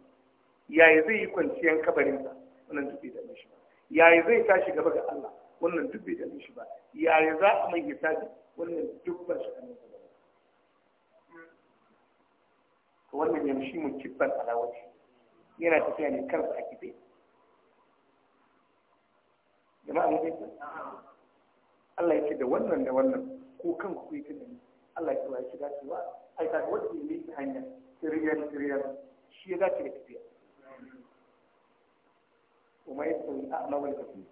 yaya zai yi kwanciyar kabarinsa wannan duk bai da shi yaya zai tashi gaba ga Allah wannan duk bai da shi ba yaya za a mai hisabi wannan duk ba shi ba wannan shi mun kibban alawaci yana tafiya ne kansa a kife jama'a ne dai Allah ya ce da wannan da wannan ko kan ku yi tunani Allah ya ce wa ya shiga cewa ai ka wanda ya ta hanya siriyar siriyar shi ya dace da tafiya وما يستوي الأعمى والبصير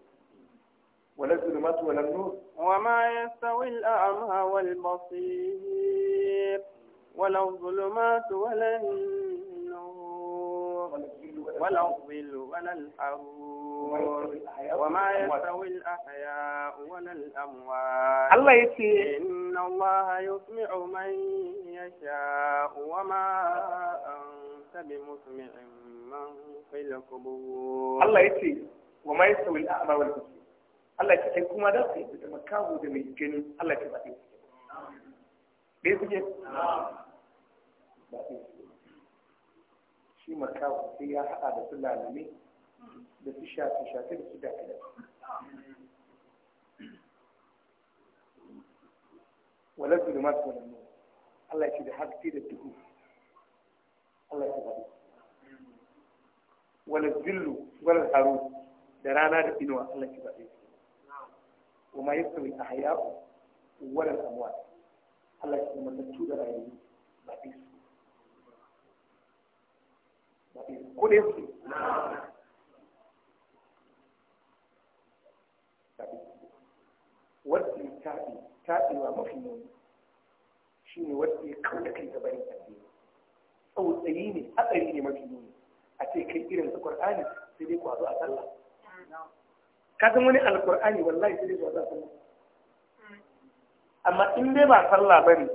ولا الظلمات ولا النور وما يستوي الأعمى والبصير ولو الظلمات ولا النور ولا الظل ولا الحرور وما يستوي الأحياء ولا الأموات الله يتي إن الله يسمع من يشاء وما أنت بمسمع من في القبور الله يتي وما يستوي الأعمى والبصير Allah ya ce kuma da su da makaho da mai gani Allah ya ce ba ɗaya kuke ɗaya kuke ba ɗin shi makawa sai ya haɗa da su da su shafi shafi da su da walar su da masu wani Allah ce da haske da duhu Allah ce ba walar zillu walar haru da rana da inuwa Allah ce ba ɗin su وما يستوي الأحياء ولا الأموات الله Allah متو da rayu ba su kudin su wadda ya taɓe taɓewa mafi nuni shi ne wadda ya kawo da ta gabanin addini tsautsayi ne hatsari ne mafi nuni a ce kai irin su qur'ani sai dai kwazo a sallah ka san wani alqur'ani wallahi sai dai kwazo a sallah amma in dai ba sallah bane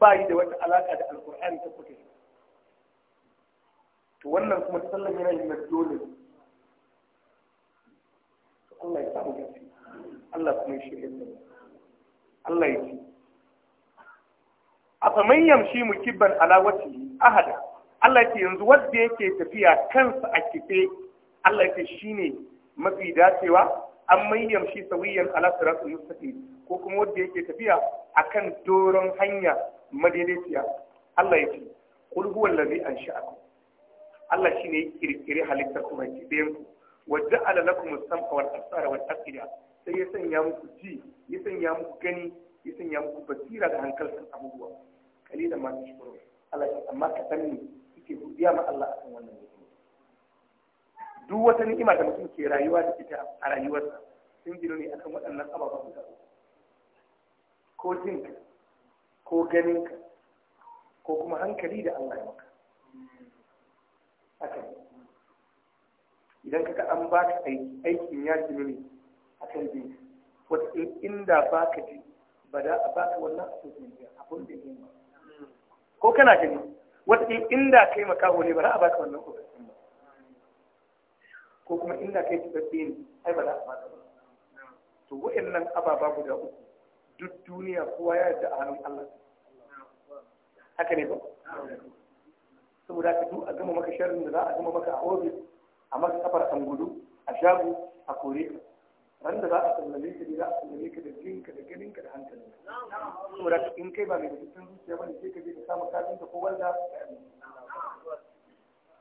ba yi da wata alaƙa da alqur'ani ta kuke to wannan kuma sallan yana yin dole Allah ya samu gaske Allah kuma ya shirya da Allah ya ce a faman yamshi mu kibban ala ahada Allah ce yanzu wanda yake tafiya kansa a kife Allah ya ce shine mafi dacewa an mai yamshi sawiyan ala siratul mustaqim ko kuma wanda yake tafiya akan doron hanya madaidaiciya Allah ya ce qul huwallazi ansha'akum Allah shi ne ya kirkiri halittar kuma ki dayan ku wa ja'ala lakum as-sam'a wal absara wal afida sai ya sanya muku ji ya sanya muku gani ya sanya muku basira da hankalin abubuwa kalila masu tashkuru Allah shi amma ka san ne kike godiya ma Allah akan wannan ni'ima duk wata ni'ima da mutum ke rayuwa da ita a rayuwarsa sun gino ne akan waɗannan ababen guda ko jinka ko ganinka ko kuma hankali da Allah ya maka akan idan ka an baka aiki aikin ya mini a kan bi wata inda baka ji ba da a baka wannan asusun a abun da ne ko kana gani wata inda kai makaho ne ba za a baka wannan asusun ba ko kuma inda kai tsibabbe ne ai ba za a baka ba to wa'annan ababa guda uku duk duniya kowa ya yarda a hannun Allah haka ne ba saboda ka duk a gama maka sharrin da za a gama maka a ofis a maka kafar an gudu a shagu a kore ka ran da za a sallame ka da za a sallame ka da ka da ka da hankalinka saboda ka in kai ba mai rubutun zuciya ba sai ka je ka samu ka ko wanda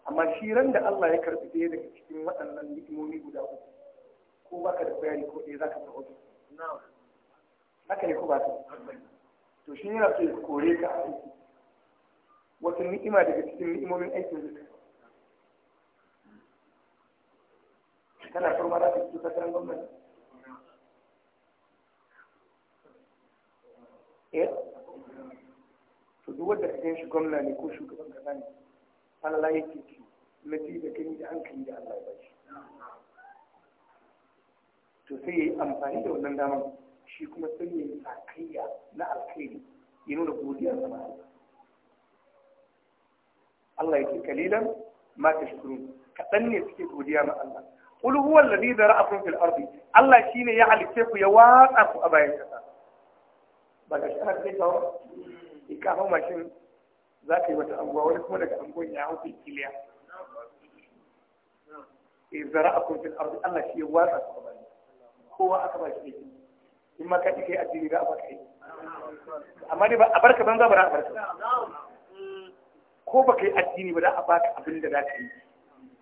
amma shi ran da Allah ya karbi ɗaya daga cikin waɗannan ni'imomi guda uku ko baka da bayani ko ɗaya za ka ta hudu haka ne ko ba ta to shi yana so ya kore ka a aiki wata ni'ima daga cikin ni'imomin aikin zuciya kana farma za ka fito takarar gwamnati eh to duk wanda ka shi gwamna ne ko shugaban kasa ne Allah yake ci na ji da gani da hankali da Allah ya ba shi to sai ya yi amfani da wannan damar shi kuma sai ya yi sakayya na alkhairi ya nuna godiya ga Allah Allah ya yake kalilan ma ta shukuru. Kaɗan ne suke godiya ma Allah qul huwa alladhi zara'akum fil ardi Allah shine ya halice ku ya watsa ku a bayan kasa ba ga shi ana kai tawo ka hawo mashin za ka yi wata anguwa wani kuma daga anguwan ya hau kiliya eh zara'akum fil ardi Allah shi ya watsa ku a bayan kowa aka ba shi ne in ma ka a jini za a ka yi amma dai ba a barka banza ba na a barka ko baka yi addini ba za a baka abin da za ka yi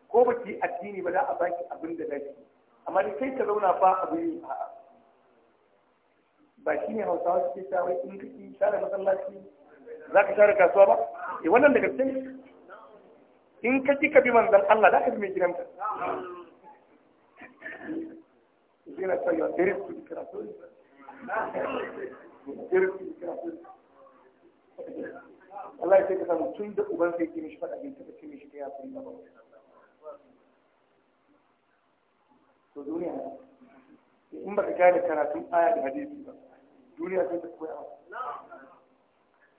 ko ba yi addini ba za a baki abin da za yi amma da kai ka zauna ba abin yi a ba shi ne hausawa suke wai in ka ki share masallaci za ka share kasuwa ba e wannan daga cikin in ka ki ka bi manzon Allah za ka bi mai gidanka yana cewa ya dare su karatu dare su karatu Allah ya sai ka samu tun da uban sai ke mishi faɗa bai taɓa ce mishi kai ya fi ba to duniya in ba ka gane karatun aya da hadisi ba duniya sai ta koya ba.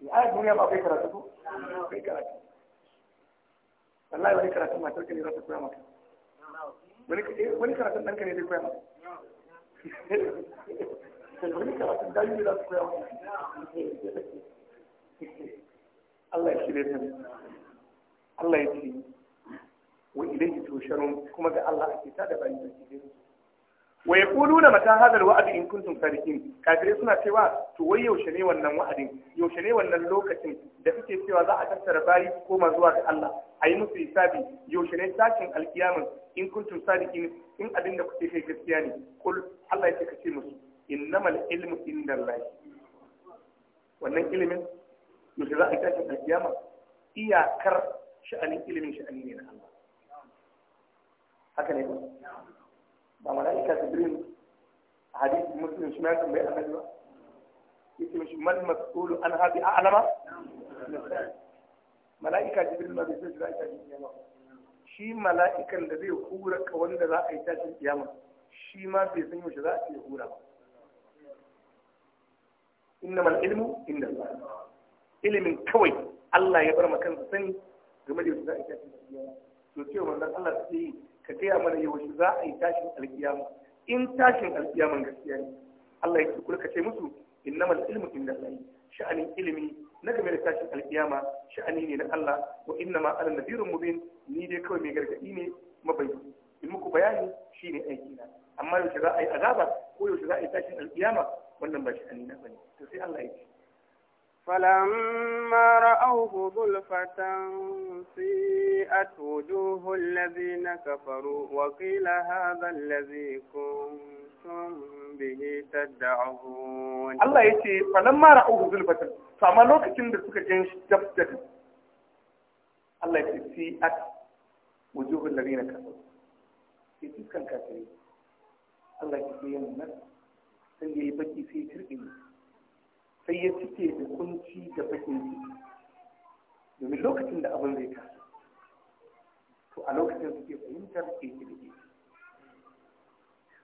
ya eh, aya duniya ba kai karatu ko kai karatu wallahi wani karatun matar ka ne za ta koya maka wani eh, karatun ka ne zai koya maka wani karatun dayu ne za ta koya maka Allah ya shirya ta Allah ya ce wa ilayhi tusharun kuma ga Allah ake tada bayan da ke wa yaquluna mata hadal wa'adu in kuntum sadiqin kafirai suna cewa to wai yaushe ne wannan wa'adin yaushe ne wannan lokacin da kake cewa za a tattara bayi ma zuwa ga Allah ayi musu hisabi yaushe ne sakin alkiyamin in kuntum sadiqin in abin da kuke kai gaskiya ne kul Allah ya ce kace musu innamal ilmu indallahi wannan ilimin yaushe za a tashi alkiyama iyakar sha'anin ilimin sha'ani ne na Allah haka ne ba mala'ika jibril a hadisi muslim shi ma kan bai annabi ba yace mishi man mas'ulu an hadi a'lama mala'ika jibril ma bai san shi za a tashi kiyama shi mala'ikan da zai hura ka wanda za a yi tashin kiyama shi ma bai san yaushe za a ce hura ba innamal ilmu inda Allah ilimin kawai Allah ya bar makansa sani game da yau za a yi tashin alkiyama to ce wannan Allah ta yi ka gaya mana yau za a yi tashin alkiyama in tashin alkiyaman gaskiya ne Allah ya ce kula ka ce musu innamal ilmu inda Allah sha'anin ilimi na game da tashin alkiyama sha'ani ne na Allah wa inna ma ana nadirun mubin ni dai kawai mai gargadi ne mabayyani in muku bayani shine aiki na amma yaushe za a yi azaba ko yaushe za a yi tashin alkiyama wannan ba sha'ani na bane to sai Allah ya ce فلما رأوه ظلفة سيئت وجوه الذين كفروا وقيل هذا الذي كنتم به تدعون الله يتي فلما رأوه ظلفة فما لوكتين da suka gan shi dab Allah ya ce at wujuhul ladina kafaru sai dukkan kafirai Allah ya ce yana nan sai yayi baki sai ya turke sai ya cike da kunci da bakin shi domin lokacin da abin zai taso to a lokacin suke fahimtar keke da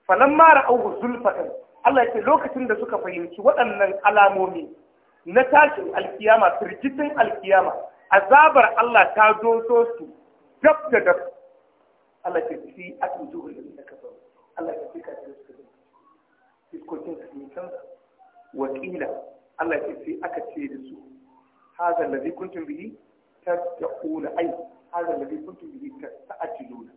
keke mara ra'awu zulfatan Allah ce lokacin da suka fahimci waɗannan alamomi na tashin alkiyama firgitin alkiyama azabar Allah ta doso su dab da dab Allah ce fi atin zuhul da kafa Allah ya su da suka fiskokin su ne canza wakila Allah ce sai aka ce da su hazan da kuntum bihi tattaquna ai hazan da kuntum bihi nuna.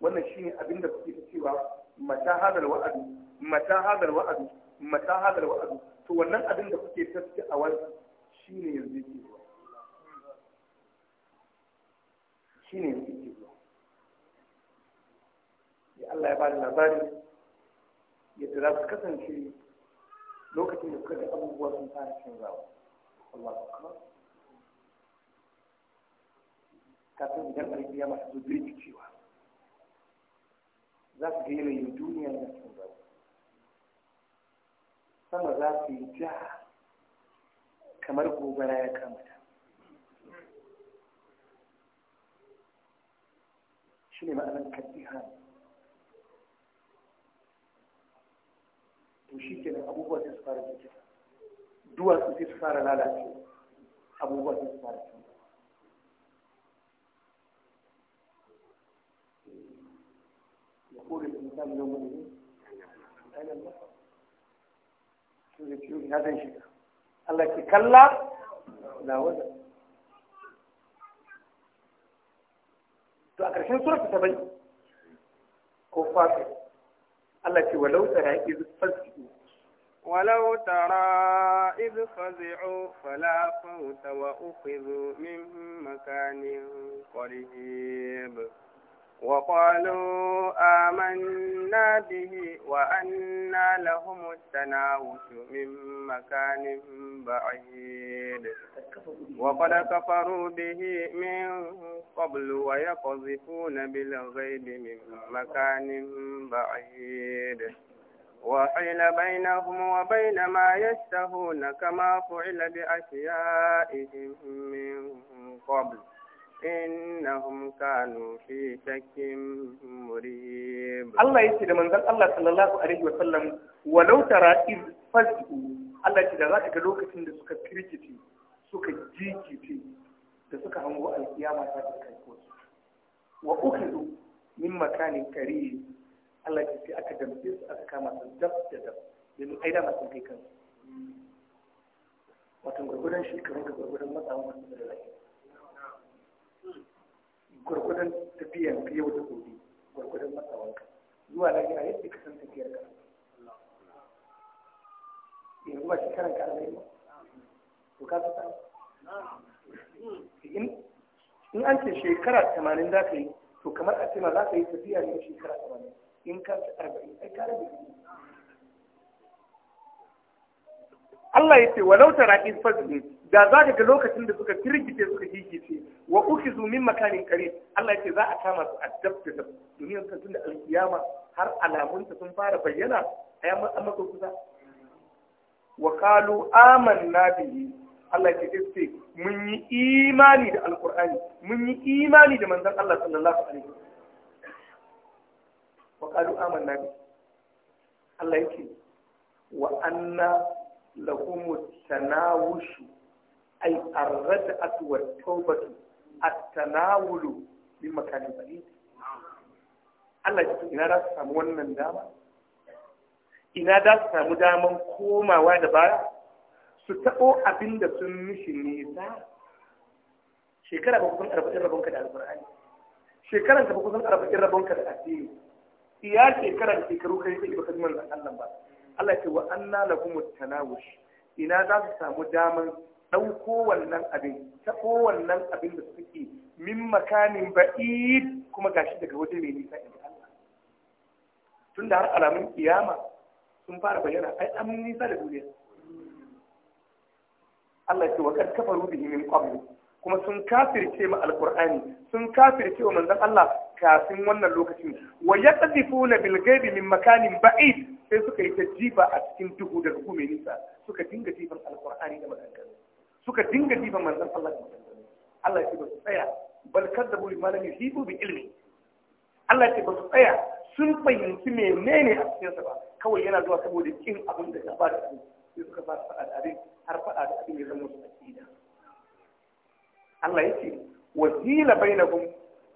wannan shine abin da kuke ta cewa mata hadal wa'adu mata hadal wa'adu mata hadal wa'adu to wannan abin da kuke taske a wani shi shine yanzu yake zuwa shine yanzu yake zuwa ya Allah ya bada labari yadda za su kasance lokacin da suka ga abubuwa sun fara canzawa Allah akbar kafin idan alƙiya masu zo birkicewa za su ga yanayin duniya na canzawa sama za su yi ja kamar gobara ya kamata shi ne ma'anar kaddihan to shi kenan abubuwa su fara jinkita duwatsu sai su fara lalace abubuwa sai su fara canza ya kore da misali yau mai ne ainihin ba su zai ciyo ina zan shiga Allah ke kalla na wanda to a ƙarshen surat ta bai ko fasir التي ولو ترى إذ فزعوا فلا فوت وأخذوا من مكان قريب وقالوا آمنا به وأنا لهم التناوش من مكان بعيد وقد كفروا به من قبل ويقذفون بالغيب من مكان بعيد وحيل بينهم وبين ما يشتهون كما فعل بأشيائهم من قبل innahum kanu fi shakkin murib Allah yace da manzon Allah sallallahu alaihi wa sallam walau tara iz fasu Allah yace da zaka ga lokacin da suka kirkice suka jikice da suka hango alkiyama ta kai ko wa ukhidhu min makanin qarib Allah ya ce aka damce su aka kama su da kai gwargwadon gwargwadon da gwargwadon tafiyan yau da gobe gwargwadon matsawanka zuwa gina yadda ka san tafiyar ka yanzu ba shekaran ka arba'in ba to ka san in an ce shekara tamanin za ka yi to kamar a cima ma za ka yi tafiya ne shekara tamanin in ka ci arba'in ai ka rabe Allah ya ce walau tara in fazlin ga za daga lokacin da suka firgice suka gigice wa uki min makanin kare Allah ce za a kama su a dab da dab domin yanzu da alkiyama har alamunta sun fara bayyana a yamma an maka kusa wa qalu amanna bihi Allah ce ce mun yi imani da alqur'ani mun yi imani da manzon Allah sallallahu alaihi wa qalu amanna bihi Allah yake wa anna lahumut tanawushu ay arrad'atu wat tawbatu at-tanawulu bi makanin bali Allah ya ina za su samu wannan dama ina za su samu daman komawa da baya su taɓo abinda da sun mishi nisa shekara ba kusan arba'in rabonka da alƙur'ani shekaran ka ba kusan arba'in rabonka da addini Iyaye shekaran shekaru kai sai baka zuman zan Allah ba Allah ya ce wa anna lahum tanawush ina za su samu daman ɗauko wannan abin taɓo wannan abin da suke min makamin ba'id kuma gashi daga waje mai nisa inda Allah tun da har alamun kiyama sun fara bayyana ai an nisa da duniya Allah ce wa kad kafaru bihi min qabl kuma sun kafirce ma alqur'ani sun kafirce wa manzon Allah kafin wannan lokacin wa yaqdifuna bil ghaibi min makanin ba'id sai suka yi ta jifa a cikin duhu daga kuma nisa suka dinga jifan alqur'ani da maganganu suka dinga diban manzan Allah Allah ya ce ba su tsaya bal kadzabu malami malam yusibu bi ilmi Allah ya ce ba su tsaya sun fahimci menene a cikin sa ba kawai yana zuwa saboda kin abin da ya ba da abin sai suka ba su da abin har faɗa da abin ya zama su aqida Allah ya ce wasila bainakum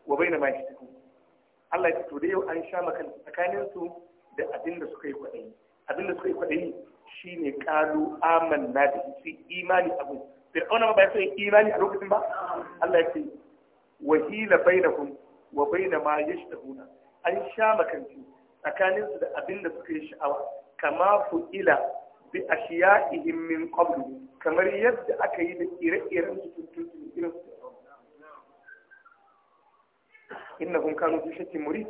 wa bainama yashtakun Allah ya ce to da yau an sha maka tsakanin su da abin da suka yi kwaɗayi abin da suka yi kwaɗayi shine qalu amanna da su imani abu fir'auna ba ya so imani a lokacin ba Allah ya ce wahila bainahum wa baina ma yashtahuna an sha makanci tsakanin su da abin da suka yi sha'awa kama fu'ila bi ashiya'ihim min qablu kamar yadda aka yi da ire-iren su tuntun irin su innahum kanu fi shakkin murid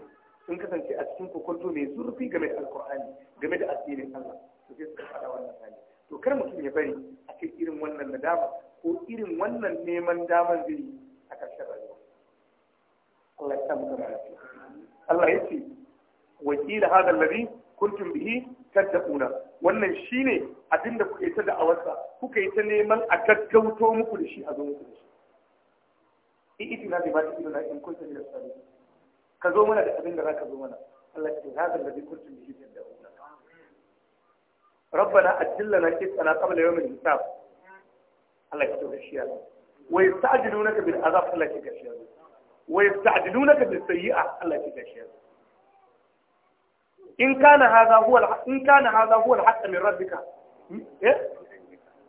sun kasance a cikin kokonto mai zurfi game da alkur'ani game da addinin Allah to sai suka fada wannan hali to kar mutum ya bari a kai irin wannan nadama ko irin wannan neman damar zai yi a ƙarshen rayuwa Allah ya samu gaba Allah ya ce wakila hada alladhi kuntum bihi tadquna wannan shine abinda kuka yi ta da'awarsa kuka yi ta neman a gaggauto muku da shi a zo muku da shi i'tina bi ido na in kuntum da as ka zo mana da abin da zaka zo mana Allah ya ce hada alladhi kuntum bihi tadquna ربنا أجلنا كيسنا قبل يوم الحساب الله يكتب الشيء ويستعجلونك بالعذاب الله يكتب الشيء ويستعجلونك بالسيئة الله يكتب الشيء إن كان هذا هو الحق إن كان هذا هو الحق من ربك إيه؟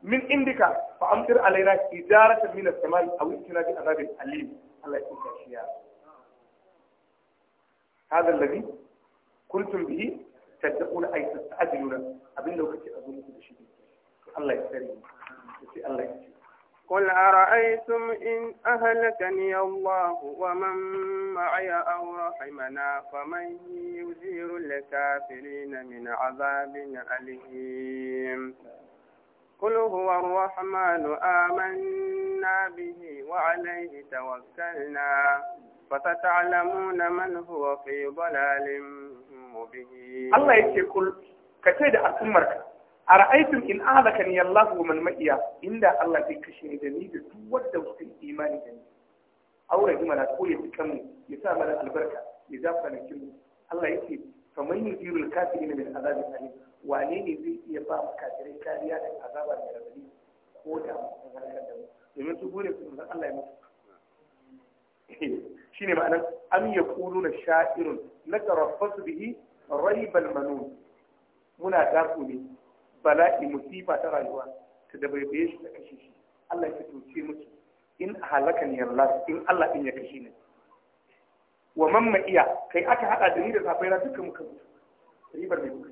من عندك فأمطر علينا إدارة من السماء أو ائتنا بعذاب أليم الله يكتب الشيء هذا الذي كنتم به تدعون أي تستعجلون أبن لو كنت أقول كل شيء الله يستريم الله يستريم قل أرأيتم إن أهلكني الله ومن معي أو رحمنا فمن يزير الكافرين من عذاب أليم قل هو الرحمن آمنا به وعليه توكلنا فستعلمون من هو في ضلال Allah yake ce kul ka ce da al'ummarka a ra'aitun in ahlaka ni Allah wa man ma'iya inda Allah zai kashe ni da ni da duk wanda wasu yi imani da ni aure ji mana ko ya fi kanmu ya sa mana albarka ya zafa na kin Allah yake fa man yujirul kafirin min azabi alim wane ne zai iya ba mu kafirai kariya da azaba mai radadi ko da mu halakar da mu domin su gure su Allah ya mutu shi ne ma'anar am ya kulu na sha'irun na tarafas bihi raibal manun muna dafu ne bala'i musifa ta rayuwa ta dabaibaye shi ta kashe shi Allah ya tuce musu in halakan yarlar in Allah din ya kashe ne wa man iya kai aka hada da ni da safai na dukkan muka mutu ribar mai kuka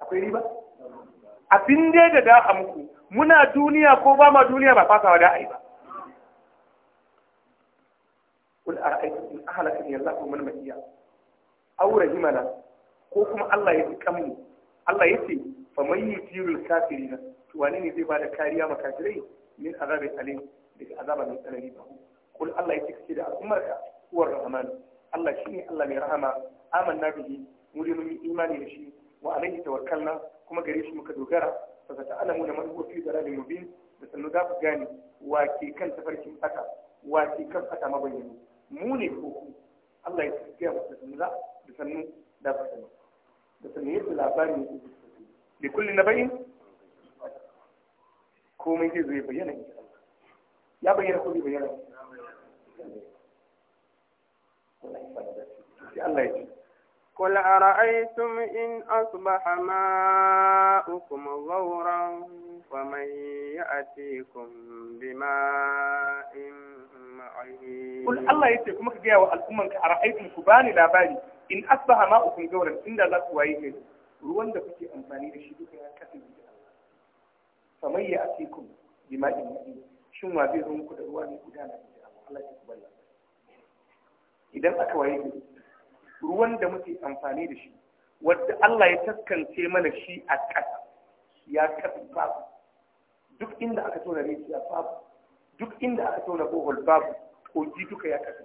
akwai riba abin dai da da muku muna duniya ko ba ma duniya ba fasawa da ai ba kul ara'aytu in ahlakani Allahu man makiya aw rahimana ko kuma Allah ya ji kanmu Allah ya ce fa man yutirul kafirina to wani ne zai bada kariya ma kafirai min azabi alim daga azaba mai tsanani ba kul Allah ya ce kace da al'ummarka huwar rahman Allah shine Allah mai rahama amanna bihi mu mun imani da shi wa alaihi tawakkalna kuma gare shi muka dogara فستعلمون من هو في ضلال مبين da sannu za ku gane wa ke kan tafarkin tsaka wa ke kan tsaka mabayyani mu ne ko ku Allah ya tafiya musu da sannu da sannu da ku sani da sannu yadda labarin ya kusa da kulli na bayin komai zai zai bayyana ya bayyana ko bai bayyana Allah ya ce قل أرأيتم إن أصبح ماؤكم غورا فمن يأتيكم بماء معين قل الله يتيكم كجاء والأمم أرأيتم كباني لا بالي إن أصبح ماؤكم غورا إن لا كويس ruwan da kuke amfani da shi duka ya kasance da Allah kamar ya ake kun jima'in shin wa zai zo muku da ruwa ne gudana da Allah Allah ya idan aka waye ruwan da muke amfani da shi wadda Allah ya taskance mana shi a ƙasa ya kasu babu duk inda aka tona rijiya babu duk inda aka tona bohol babu kogi duka ya kasu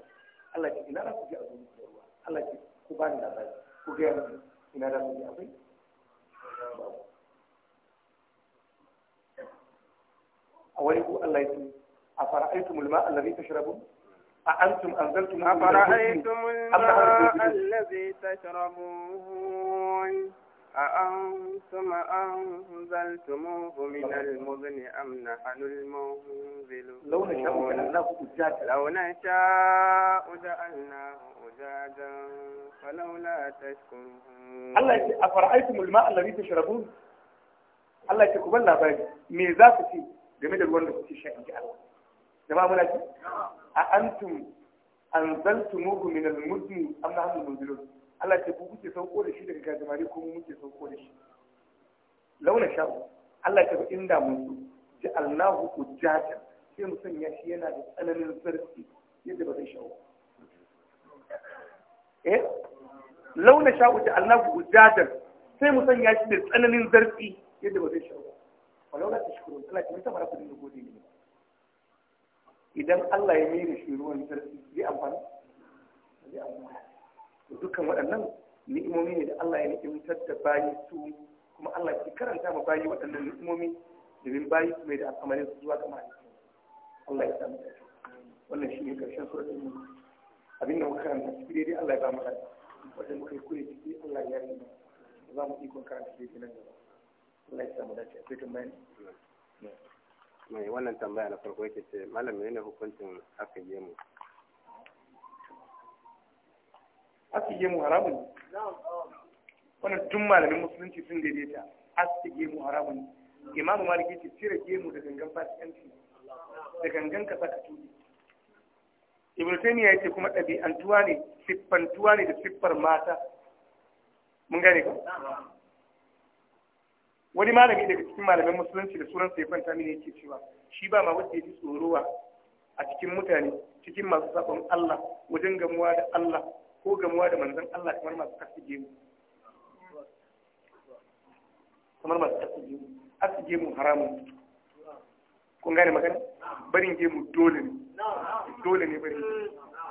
Allah ya ina za ku ji a zuwa ruwa Allah ya ku ba ni labari ku ga yana ina za ku ji abai a wani ku Allah ya ce a fara Allah ma'a allazi tashrabun أأنتم أنزلتم أفرأيتم الماء الذي تشربون أأنتم أنزلتموه من المزن أم نحن المنزلون لو نشاء جعلناه أجاجا لو نشاء جعلناه أجاجا فلولا تشكرون الله يقول أفرأيتم الماء الذي تشربون الله يقول الله بالي ميزاتك جميل الوالد في شيء الله jama'a muna ji a antum anzaltumuhu min al-muzni am nahnu munzilun Allah ce ku kuke sauko da shi daga gajimare ko mu muke da shi launa sha'u Allah ce inda mun so ja'alnahu ujjatan sai mu sanya shi yana da tsananin sarki yadda ba zai shawo eh launa sha'u ja'alnahu ujjatan sai mu sanya shi da tsananin zarfi yadda ba zai shawo walau la tashkurun Allah ce mun tabara ku dinga gode ne idan Allah ya mai da shi ruwan sarki zai amfani zai amfani dukkan waɗannan ni'imomi ne da Allah ya ni'imtar da bayi su kuma Allah ya karanta ma bayi waɗannan ni'imomi domin bayi su mai da al'amarin su zuwa ga mahaifi Allah ya samu da wannan shi ne ƙarshen suratul mulk abin da muka karanta cikin daidai Allah ya ba mu rana wajen muka yi koyi ciki Allah ya yi za mu ikon karanta daidai nan gaba Allah ya samu dace akwai tambayi mai wannan tambaya na farko yake ce malamin ne hukuncin haka gemu haka gemu haramun wannan tun malamin musulunci sun daidaita haka gemu haramun imamu maliki ce cire gemu da gangan fasikanci da gangan ka tuni tudu ibn ce kuma ɗabi'antuwa ne siffantuwa ne da siffar mata mun gane ka wani malami daga cikin malamin musulunci da sunan sai kwanta mini yake cewa shi ba ma wanda ya tsorowa a cikin mutane cikin masu sabon Allah wajen gamuwa da Allah ko gamuwa da manzon Allah kamar masu kasige mu kamar masu kasige mu asige mu haramun kun gane magana barin gemu dole ne dole ne barin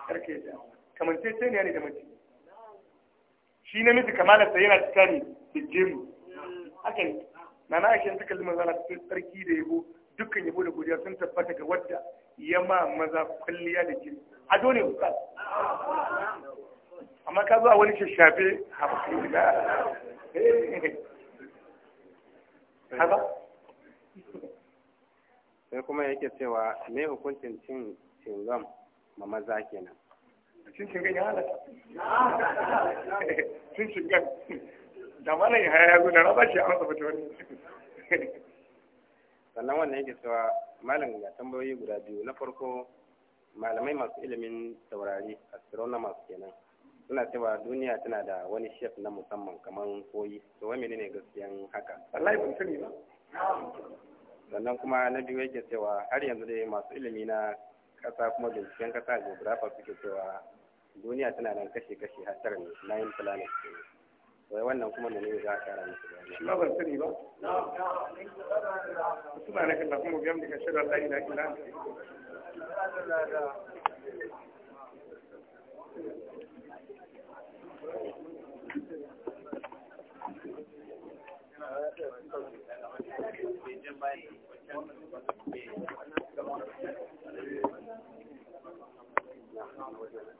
karke da kamar sai sai ne da mace shi namiji kamalarsa yana cika ne da gemu haka ne na na aisha ta kalli manzo Allah tsarki da yabo dukkan yabo da godiya sun tabbata ga wadda ya ma maza kwalliya da jini a dole ustaz amma ka zuwa a wani shashafe haɓa eh. sai kuma yake cewa me hukuncin cin cingam ma maza kenan cin cingam ya halatta cin cingam da malam ya ya raba shi a masa wani sannan wannan yake cewa malam ga tambayoyi guda biyu na farko malamai masu ilimin saurari astronomers kenan suna cewa duniya tana da wani shef na musamman kamar koyi to wai menene gaskiyan haka wallahi ban sani ba sannan kuma na biyu yake cewa har yanzu dai masu ilimi na kasa kuma binciken kasa geographer suke cewa duniya tana nan kashe-kashe a tara ne nine planets wai wannan kuma da ne za a kara musu bayani shi ma ban sani ba subhanaka allahumma wa bihamdika ashhadu an la Thank you.